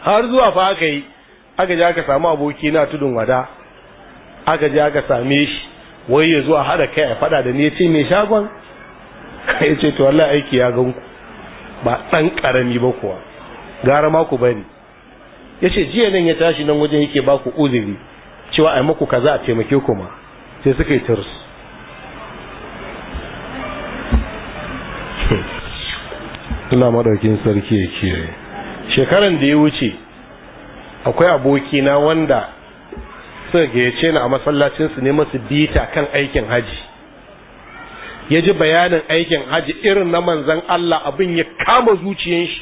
har zuwa fa aka yi aka je aka samu aboki na tudun wada aka je aka same shi wai ya zuwa haɗa kai a faɗa da ni ya ce mai shagon <laughs> ya ce to wallahi aiki ya gan ku ba ɗan ƙarami ba kuwa gara ma ku bari ya ce jiya nan ya tashi nan wajen yake ba ku uzuri cewa a maku kaza a taimake ku ma sai suka yi tirs <laughs> Allah madaukin sarki ya kiyaye shekaran da ya wuce akwai abokina wanda suka gayyace ni a masallacin su ne masu bita kan aikin haji ya ji bayanin aikin haji irin na manzan Allah abin ya kama zuciyar shi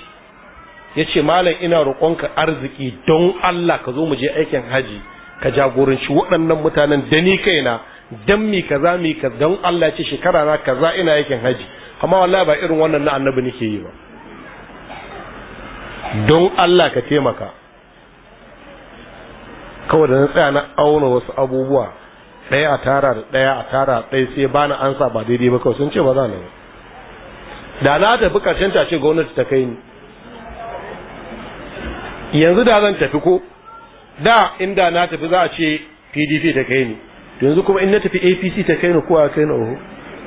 ya ce malam ina roƙonka arziki don Allah ka zo mu je aikin haji ka jagoranci waɗannan mutanen da ni kaina dan mi kaza mi ka don Allah ce shekara na kaza ina aikin haji amma wallahi ba irin wannan na annabi nake yi ba don Allah ka taimaka kawai da na tsaya na auna wasu abubuwa ɗaya a tara da ɗaya a tara ɗaya sai bani ansa ba daidai ba kawai sun ce ba za na da na tafi ƙarshen ta ce gwamnati ta kai ni yanzu da zan tafi ko da inda na tafi za a ce pdp ta kai ni yanzu kuma in na tafi apc ta kai ni ko a kai ni oho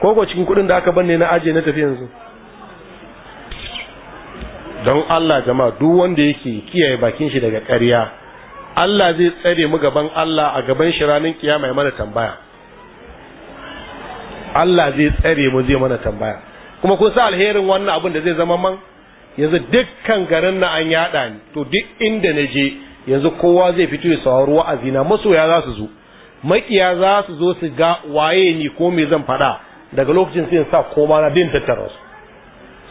ko ko cikin kuɗin da aka banne na aje na tafi yanzu don allah jama'a duk wanda yake kiyaye bakin shi daga ƙarya Allah zai tsare mu gaban Allah a gaban shi ranar kiyama ya mana tambaya Allah zai tsare mu zai mana tambaya kuma kun sa alherin wannan abin da zai zama man yanzu dukkan garin na an yada ni to duk inda na je yanzu kowa zai fito ya sauraro wa'azi na masoya za su zo makiya za su zo su ga waye ni ko me zan faɗa daga lokacin sai sa koma na din tattara su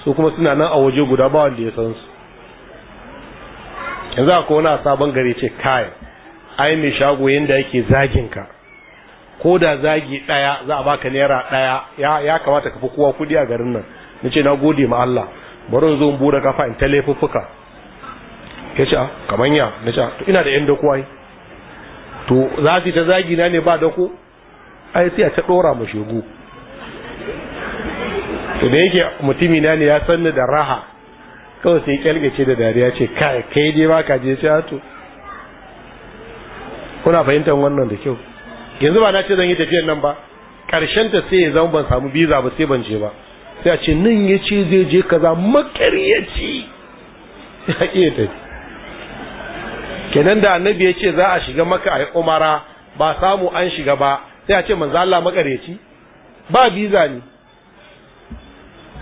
su kuma suna nan a waje guda ba wanda ya san su yanzu akwai wani a sabon gari ce kai ai mai shago yadda yake zagin ka ko da zagi daya za a baka naira daya ya kamata ka fi kowa kudi a garin nan na ce na gode ma Allah bari zo bude kafa in ta Ya ce a ah, kamar ya ce ah, to ina da yan dako ai to za ta zagi na ne ba dako ai sai a ta dora mu shegu to da yake mutumi na ne ya sanni da raha kawai sai kyalgace da dariya ce kai kai dai baka je ce to kuna fahimtar wannan da kyau yanzu ba na ce zan yi tafiyar nan ba karshen ta sai ya zama ban samu biza ba sai ban je ba sai a ce nan ya ce zai je kaza makaryaci ya ke tafi kenan da annabi ya ce za a shiga maka a umara ba samu an shiga ba sai a ce manzo Allah ci ba biza ne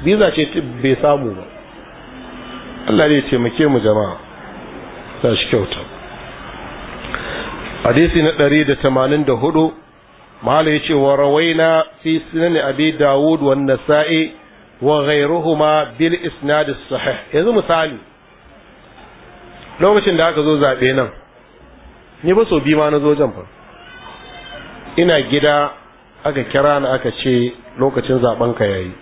biza ce bai samu ba Allah ne taimake mu jama'a ta shi kyauta hadisi na ɗari da tamanin da hudu mahala ya ce wa na fi sinani abi dawud wa nasa'i wa ghairuhuma bil isnad sahih yanzu misali lokacin da aka zo zaɓe nan ni ba so bi ma na zo jan ina gida aka kira ni aka ce lokacin zaben ka yayi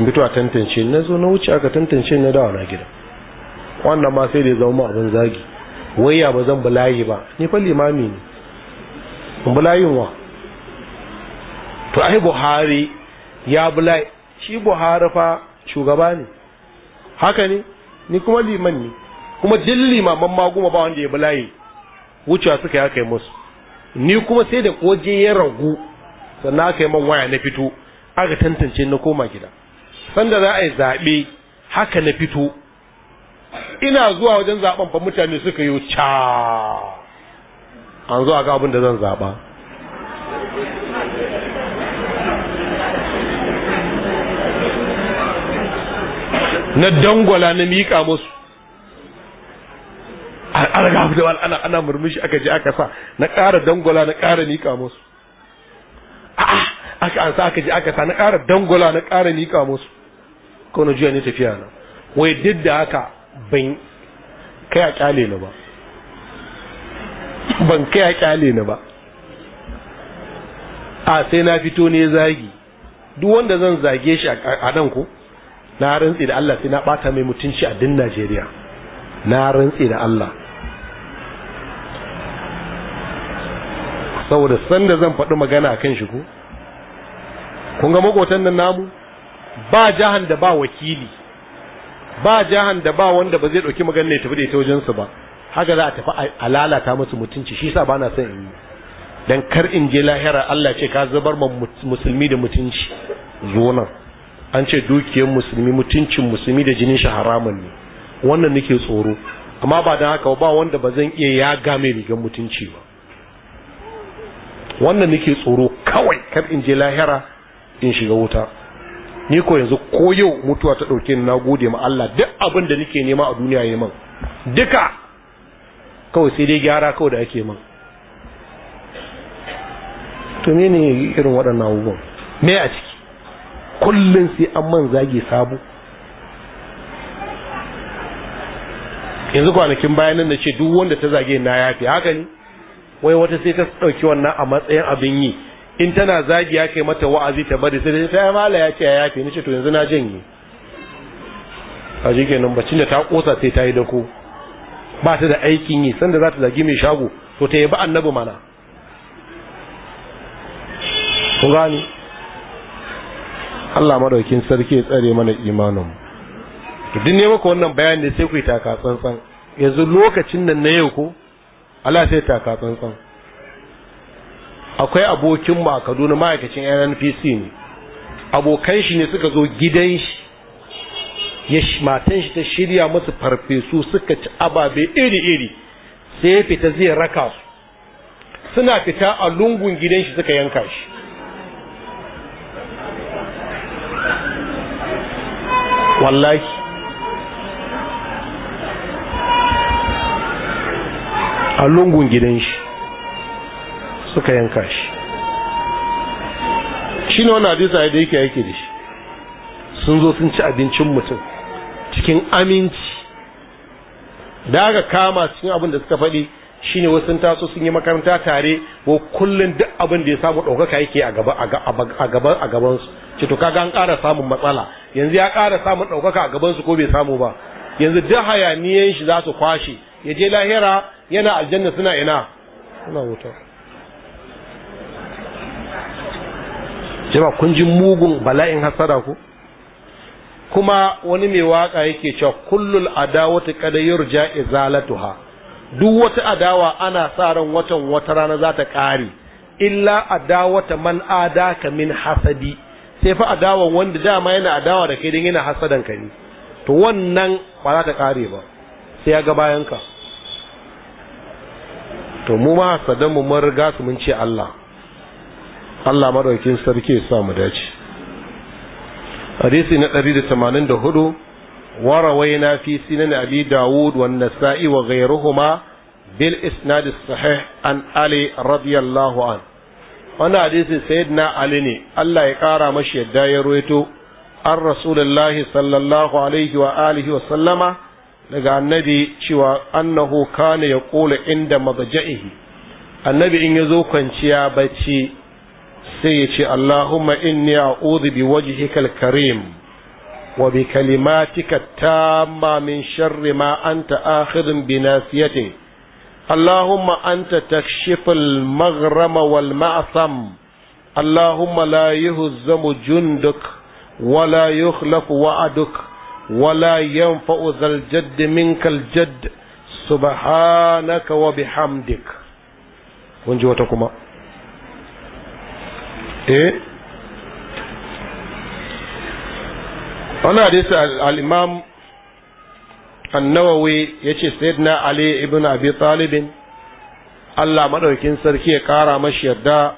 in fito a tantance na zo na wuce aka tantance na dawa na gida wannan ma sai da ya zama abin zagi waya ba zan bulayi ba ni fa limami ne in bulayin wa to ai buhari ya bulayi shi buhari fa shugaba ne haka ne ni kuma liman ne kuma duk limaman goma ba wanda ya bulayi wucewa suka yi aka yi musu ni kuma sai da koje ya ragu sannan aka yi man waya na fito aka tantance na koma gida sanda za a yi zaɓe haka na fito ina zuwa wajen zaɓen fa mutane suka yi ca an zo a ga abin da zan zaɓa na dangwala na miƙa musu an abu da ana ana murmushi aka je aka sa na ƙara dangwala na ƙara miƙa musu a'a aka an sa aka je aka sa na ƙara dangwala na ƙara miƙa musu na jiya ne tafiya na wai duk da haka ban kai a kyale ni ba ban kai a kyale ni ba a sai na fito ne zagi duk wanda zan zage shi a nan ko na rantsi da Allah sai na bata mai mutunci a din Najeriya na rantsi da Allah saboda sanda zan faɗi magana a kan shi ko kun ga makotan nan namu ba jahan da ba wakili ba jahan da ba wanda ba zai ɗauki maganar ya tafi da ita wajensu ba haka za a tafi a lalata musu mutunci shi sa ba na son in yi dan kar in je lahira Allah ce ka zubar ma musulmi da mutunci zo nan an ce dukiyar musulmi mutuncin musulmi da jinin shi haramun ne wannan nake tsoro amma ba dan haka ba wanda ba zan iya ya game rigar mutunci ba wannan nake tsoro kawai kar in je lahira in shiga wuta ni ko yanzu ko yau mutuwa ta ɗauke ni na gode ma Allah duk abin da nake nema a duniya ya man duka kawai sai dai gyara kawai da ake man to ne ne irin waɗannan abubuwan me a ciki kullum sai an man zage sabu yanzu kwanakin bayanan na ce duk wanda ta zage na yafi haka ne wai wata sai ta dauki wannan a matsayin abin yi in tana zagi ya kai mata wa'azi ta bari sai ta mala ya ce ya yafe ni ce to yanzu na janye a jike nan bacin da ta kosa sai ta yi dako ba ta da aikin yi sanda za ta zagi mai shago to ta yi ba annabi mana ku gani Allah madaukin sarki ya tsare mana imanin to din ne maka wannan bayani sai ku yi taka tsantsan yanzu lokacin nan na yau ko Allah sai taka tsantsan akwai abokin mu a Kaduna ma'aikacin NNPC ne abokan shi ne suka zo gidan shi ya matan shi ta shirya musu farfesu suka ci ababe iri-iri sai ya fita zai raka su suna fita a lungun gidan shi suka yanka shi wallahi a lungun gidan shi suka yanka shi shi ne wani hadisa da yake yake da shi sun zo sun ci abincin mutum cikin aminci da aka kama cikin abin da suka faɗi shine wasu taso sun yi makaranta tare ko kullum duk abin da ya samu ɗaukaka yake a gaba a gaban a gaban su ce to kaga an ƙara samun matsala yanzu ya ƙara samun ɗaukaka a gaban ko bai samu ba yanzu duk hayaniyan shi za su kwashe ya je lahira yana aljanna suna ina suna wuta jama kun ji mugun bala'in hasara ku kuma wani mai waka yake cewa kullul adawati kada yurja izalatuha duk wata adawa ana sa ran watan wata rana za ta kare illa adawata man adaka min hasadi sai fa adawa wanda dama yana adawa da kai dan yana hasadan ka ne to wannan ba za ta kare ba sai ya ga bayan ka to mu ma hasadan mu mun riga su mun ce Allah Allah maɗaukin sarki ya sa dace hadisi na 184 wa rawaina fi sunan abi daud wa nasa'i wa ghayruhuma bil isnad sahih an ali radiyallahu an wannan hadisi sayyidina ali ne Allah ya ƙara mashi yadda ya ruwaito an rasulullahi sallallahu alaihi wa alihi wa sallama daga annabi cewa annahu kana yaqulu inda madaja'ihi annabi in yazo kwanciya bacci سيتي اللهم إني أعوذ بوجهك الكريم وبكلماتك التامة من شر ما أنت آخذ بناسيته اللهم أنت تكشف المغرم والمعصم اللهم لا يهزم جندك ولا يخلف وعدك ولا ينفع ذا الجد منك الجد سبحانك وبحمدك ونجوتكم eh wannan hadisi al’imam annawawi ya ce sayyidina ali ibn abi talibin allah maɗaukin sarki ya ƙara mashi yarda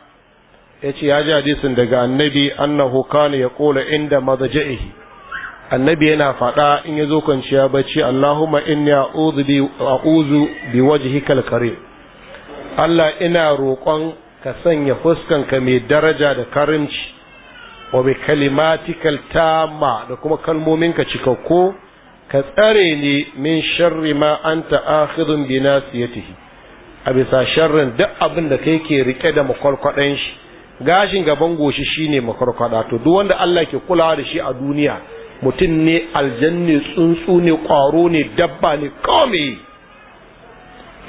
ya ce ya ji hadisin daga annabi annahu kana ya ƙola inda mazaja'ihi annabi yana faɗa in ya zo kwanciya bacci allahumma inni a'udhu bi wajhikal karim allah ina roƙon ka sanya fuskanka mai daraja da karimci wa bi kalimatikal tama da kuma kalmominka cikakko ka tsare ni min sharri ma anta akhidun bi nasiyatihi a bisa sharrin duk abin da kai ke rike da makwarkwadan shi gashin gaban goshi shine makwarkwada to duk wanda Allah ke kulawa da shi a duniya mutum ne aljanni tsuntsu ne kwaro ne dabba ne kome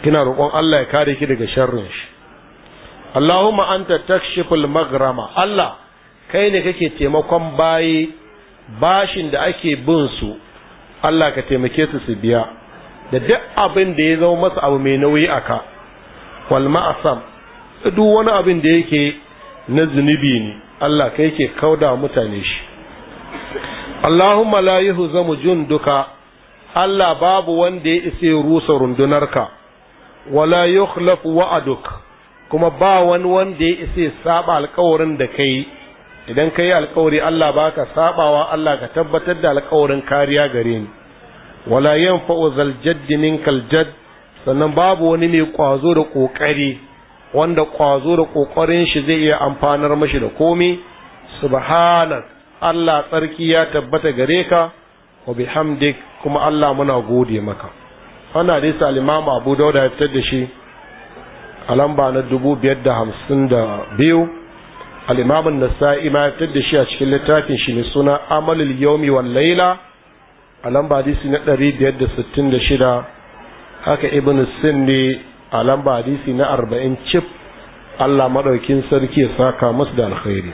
kina roƙon Allah ya kare ki daga sharrin shi Allahumma anta takshiful magrama Allah kai ne kake taimakon bayi bashin da ake bin su Allah ka taimake su su biya da duk abin da ya zama masa abu mai nauyi aka wal ma'asam duk wani abin da yake na zunubi ne Allah kai ke kauda mutane shi Allahumma la yuhzamu junduka Allah babu wanda ya isa rusa rundunarka wala yukhlaf wa'aduk kuma ba wani wanda ya isa ya saba alkawarin da kai idan ka yi alkawari Allah ba ka sabawa Allah ka tabbatar da alkawarin kariya gare ni wala yanfa'u zal jaddi minkal jadd sannan babu wani mai kwazo da kokari wanda kwazo da kokarin shi zai iya amfanar mashi da komai subhanak Allah tsarki ya tabbata gare ka wa bihamdik kuma Allah muna gode maka wannan hadisi al-Imam Abu Dawud ya fitar da shi a lamba na dubu biyar da hamsin da biyu alimamin na nasa'i ma fitar da shi a cikin littafin shi mai suna amalul yomi wal laila a lamba hadisi na ɗari biyar da sittin da shida haka ibn Sin ne a lamba hadisi na arba'in cif allah maɗaukin sarki ya saka masu da alkhairi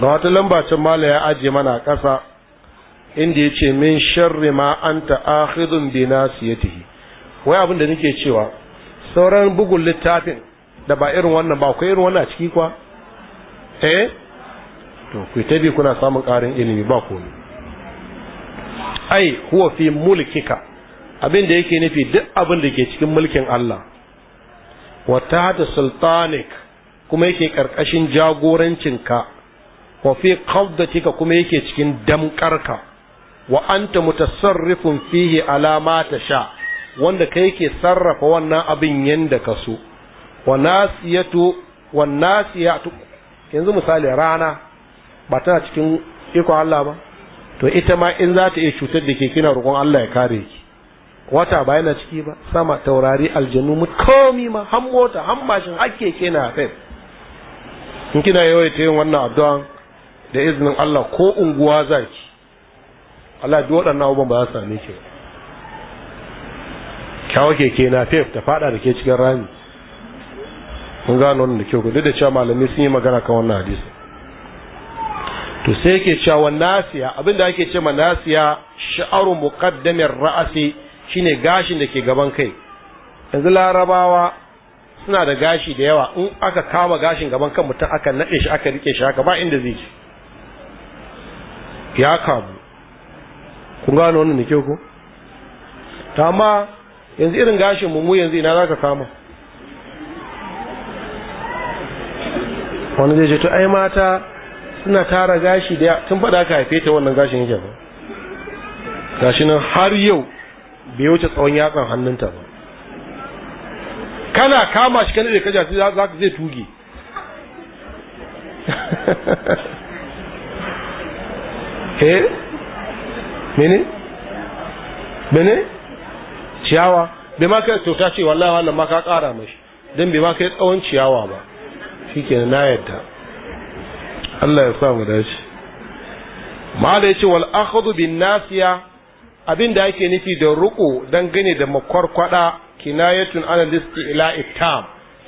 ga wata lamba ta mala ya ajiye mana ƙasa inda ya ce min sharri ma anta akhidun bi nasiyatihi wai abin da nake cewa sauran bugun littafin da ba irin wannan ba ku irin wannan a ciki kwa eh to ku ta kuna samun karin ilimi ba ku ai huwa fi mulkika abin da yake nufi duk abin da ke cikin mulkin Allah wa tahta sultanik kuma yake karkashin jagorancinka wa fi qabdatika kuma yake cikin damƙarka wa anta mutasarrifun fihi ala ma tasha wanda kai ke sarrafa wannan abin yanda ka so wa nasiyatu wa nasiyatu yanzu misali rana ba tana cikin iko Allah ba to ita ma in za ta iya cutar da ke kina roƙon Allah ya kare ki wata ba yana ciki ba sama taurari aljanu mu komi ma han mota han mashin hakke kina kai in kina yawaita yin wannan addu'an da izinin Allah ko unguwa zaki Allah duk waɗannan abubuwan ba za su same ki ba kyawo keke na fef ta fada da ke cikin rami mun gano wannan da kyau duk da cewa malami sun yi magana kan wannan hadisi to sai yake cewa nasiya abinda ake ce ma nasiya sha'aru muqaddamin ra'asi shine gashin da ke gaban kai yanzu larabawa suna da gashi da yawa in aka kama gashin gaban kan mutum aka nade shi aka rike shi haka ba inda zai ji ya kamu kun gano wannan da kyau ko ta ma yanzu irin gashin mu yanzu ina za ka kama wani zai ce to ai mata suna tara gashi da tun faɗa ka haife ta wannan gashin yake ba gashi nan har yau bai wuce tsawon yatsan hannunta ba kana kama shi kana da kaja za ka zai tuge <laughs> eh mene mene ciyawa bai ma kai kyauta ce wallahi wannan ma ka kara mashi don bai ma kai tsawon ciyawa ba shikenan na yadda Allah ya sa mu dace ma da yace wal akhdhu bin nasiya abin da ake nufi da ruko dangane da makwarkwada kinayatun ala ila itam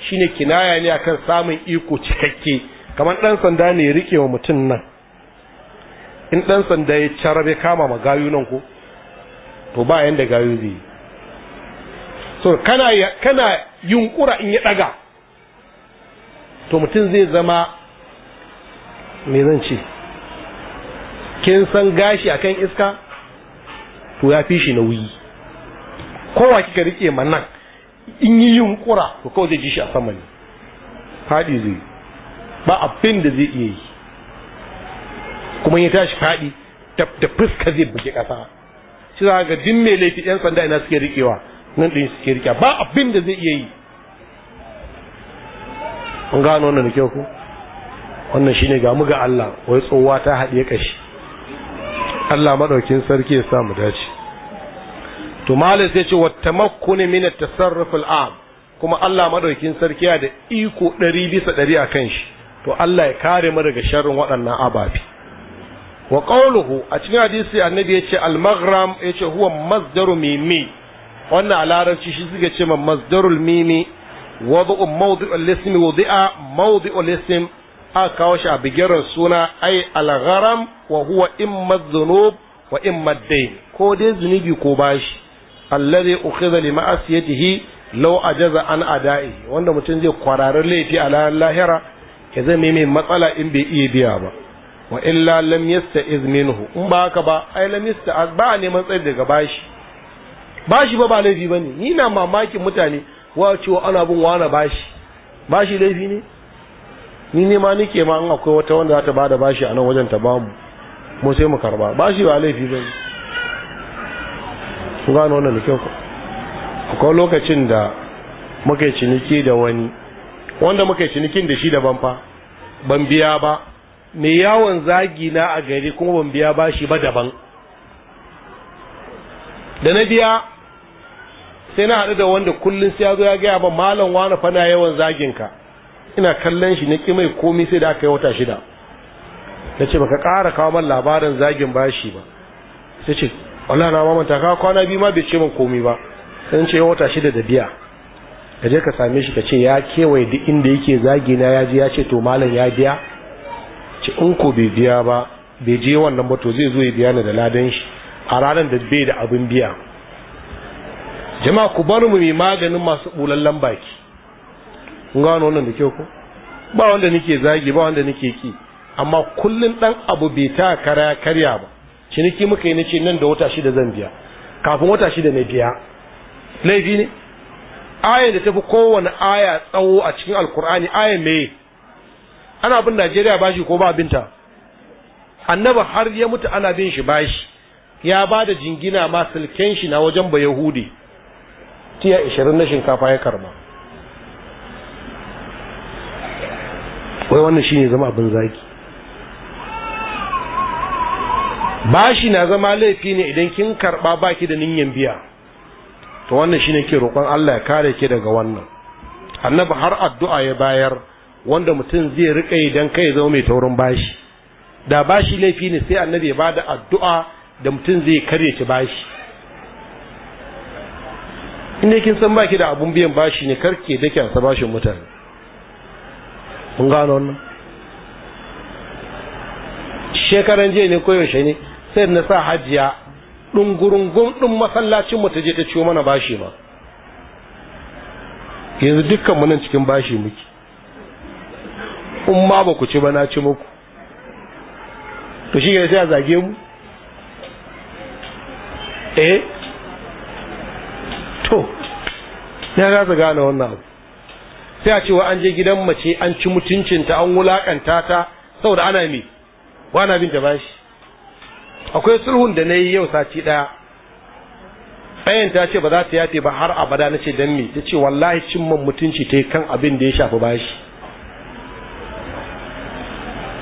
shine kinaya ne akan samun iko cikakke kamar dan sanda ne rike wa mutum nan in dan sanda ya carabe kama magayu nan ko to ba yanda gayu zai so kana kana yunkura in ya daga to mutum zai zama me zan ce kin san gashi akan iska to ya fi shi nauyi kowa kika rike man nan in yi yunkura to kawai zai ji shi a saman ne faɗi zai ba abin da zai iya yi kuma ya tashi faɗi da fuska zai buge kasa shi za ga din mai laifi yan sanda ina suke rikewa nan ɗin suke rike ba abin da zai iya yi an gano wannan da kyau ko wannan shine ga mu Allah wai tsowa ta haɗe kashi Allah madaukin sarki ya sa mu dace to malam sai ce wattamakkuni min at-tasarruf al-am kuma Allah maɗaukin sarki ya da iko 100 bisa a kan shi to Allah ya kare mu daga sharrin waɗannan ababi wa qawluhu a cikin hadisi annabi yace al-maghram yace huwa masdaru mimmi wannan a larabci shi suke ce ma masdarul mimi wadu'un mawdu'ul ismi wudi'a mawdu'ul ism a kawo shi a bigiran suna ai algharam wa huwa imma dhunub wa imma dayn ko dai zunubi ko bashi alladhi ukhidha li ma'asiyatihi law ajaza an ada'i wanda mutum zai kwararar laifi a lahira ya zame mai matsala in bai iya biya ba wa illa lam yasta'iz minhu in ba haka ba ai lam yasta'az ba neman tsayi daga bashi Ba shi ba ba laifi ba ne ni na mamakin mutane wa cewa ana bin wani bashi bashi laifi ne ni ne ma nike ma an akwai wata wanda za ta ba ba bashi a nan wajen ta ba mu sai mu karba bashi ba laifi ba ne. ku gano wannan da kyau akwai lokacin da muka yi ciniki da wani wanda muka yi cinikin da shi daban fa ban biya ba me yawon zagi na a gari kuma ban biya ba shi ba daban da na biya sai na haɗu da wanda kullum sai ya zo ya gaya ba malam wani fa na yawan zagin ka ina kallon shi na ki mai komai sai da aka yi wata shida ta ce baka ƙara kawo man labarin zagin bashi ba sai ce wala na mamanta kawo kwana biyu ma bai ce man komai ba sai ce wata shida da biya ka je ka same shi ka ce ya kewaye duk inda yake zagi na ya ji ya ce to malam ya biya ce in ko bai biya ba bai je wannan ba to zai zo ya biya ni da ladan shi a ranar da bai da abin biya jama'a ku bar mu mai maganin masu bulallen baki kun gano wannan da kyau ko ba wanda nake zagi ba wanda nake ki amma kullun dan abu bai ta kara karya ba ciniki muka yi nace nan da wata shida zan biya kafin wata shida na biya laifi ne aya da tafi kowane aya tsawo a cikin alkur'ani aya mai ana bin najeriya bashi ko ba binta annabi har ya mutu ana bin shi bashi ya ba da jingina ma silken shi na wajen ba yahudi tiya ishirin na shinkafa ya karba wai wannan shine zama abin zaki bashi na zama laifi ne idan kin karba baki da ninyan biya to wannan shine ke roƙon Allah ya kare ke daga wannan annabi har addu'a ya bayar wanda mutum zai rika idan kai zama mai taurin bashi da bashi laifi ne sai annabi ya bada addu'a da mutum zai karye ci bashi inda kin san baki da abun biyan bashi ne karke dake a bashin mutane mun gano wannan shekaran jiya ne koyaushe ne sai na sa hajiya ɗungurungun ɗin masallacin mu ta je ta ciwo mana bashi ma yanzu dukkan cikin bashi muke in ma ba ku ci ba na ci muku to shi sai a zage mu eh ya rasa gane wannan abu sai a ce wa an je gidan mace an ci mutuncinta an wulakanta ta saboda ana mai ba na binta bashi akwai sulhun da na yi yau sati ɗaya tsayin ta ce ba za ta yafe ba har abada na ce don me ta ce wallahi cin man mutunci ta kan abin da ya shafi bashi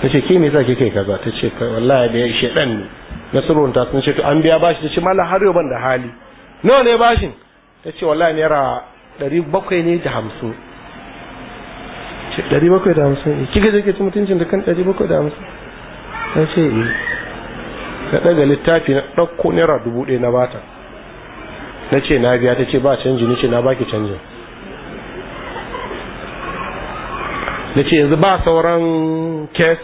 ta ce ke me yasa kai kaza ta ce wallahi da ya dan ne na sulhun ta sun ce to an biya bashi ta ce mala har yau ban da hali nawa ne bashin ta ce wallahi naira ɗari bakwai ne da hamsin ɗari bakwai da hamsin eh, kika je ke ci mutuncin da kan ɗari bakwai da hamsin ta ce eh Ka ɗaga littafi na ɗauko naira dubu ɗaya na bata na ce na biya ta ce ba canji ni ce na baki canjin na ce yanzu ba sauran kes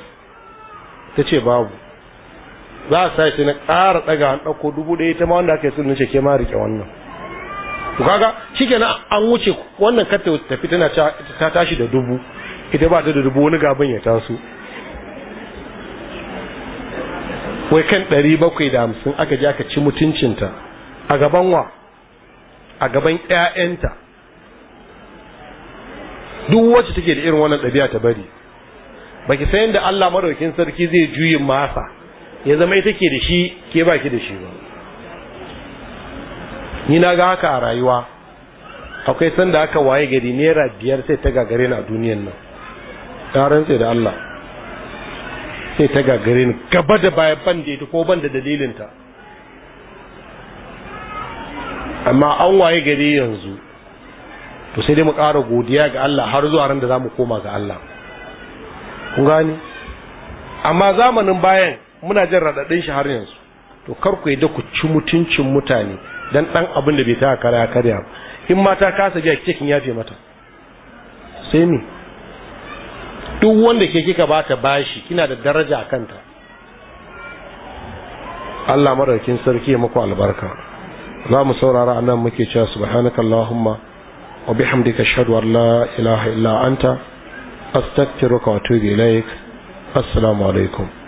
ta ce babu za a sa na ƙara ɗaga an ɗauko dubu ɗaya ta ma wanda aka yi sun nace ke ma riƙe wannan to kaga shikenan an wuce wannan kata tafi tana ta tashi da dubu ita ba ta da dubu wani gaban ya taso wai kan ɗari bakwai da hamsin aka ji aka ci mutuncinta a gaban wa a gaban ƴaƴanta duk wacce take da irin wannan ɗabi'a ta bari baki san da Allah madaukin sarki zai juyin masa ya zama ita ke da shi ke baki da shi ba ni na ga haka a rayuwa akwai sanda aka waye gari naira biyar sai ta gagare ni a duniyan nan ƙarar sai da Allah sai ta gagare ni gaba da baya ban da ita ko ban da dalilinta amma an waye gari yanzu to sai dai mu ƙara godiya ga Allah har zuwa ran da za mu koma ga Allah ku gani amma zamanin bayan muna jin raɗaɗin shi har yanzu to kar ku da ku ci mutuncin mutane dan dan abin da bai ta kara karya in mata kasa biya kekin yafe mata sai ni duk wanda ke kika bata bashi kina da daraja a kanta Allah madaukin sarki ya muku albarka za mu saurara anan muke cewa subhanaka allahumma wa bihamdika ashhadu an la ilaha illa anta astaghfiruka wa atubu ilaik assalamu alaikum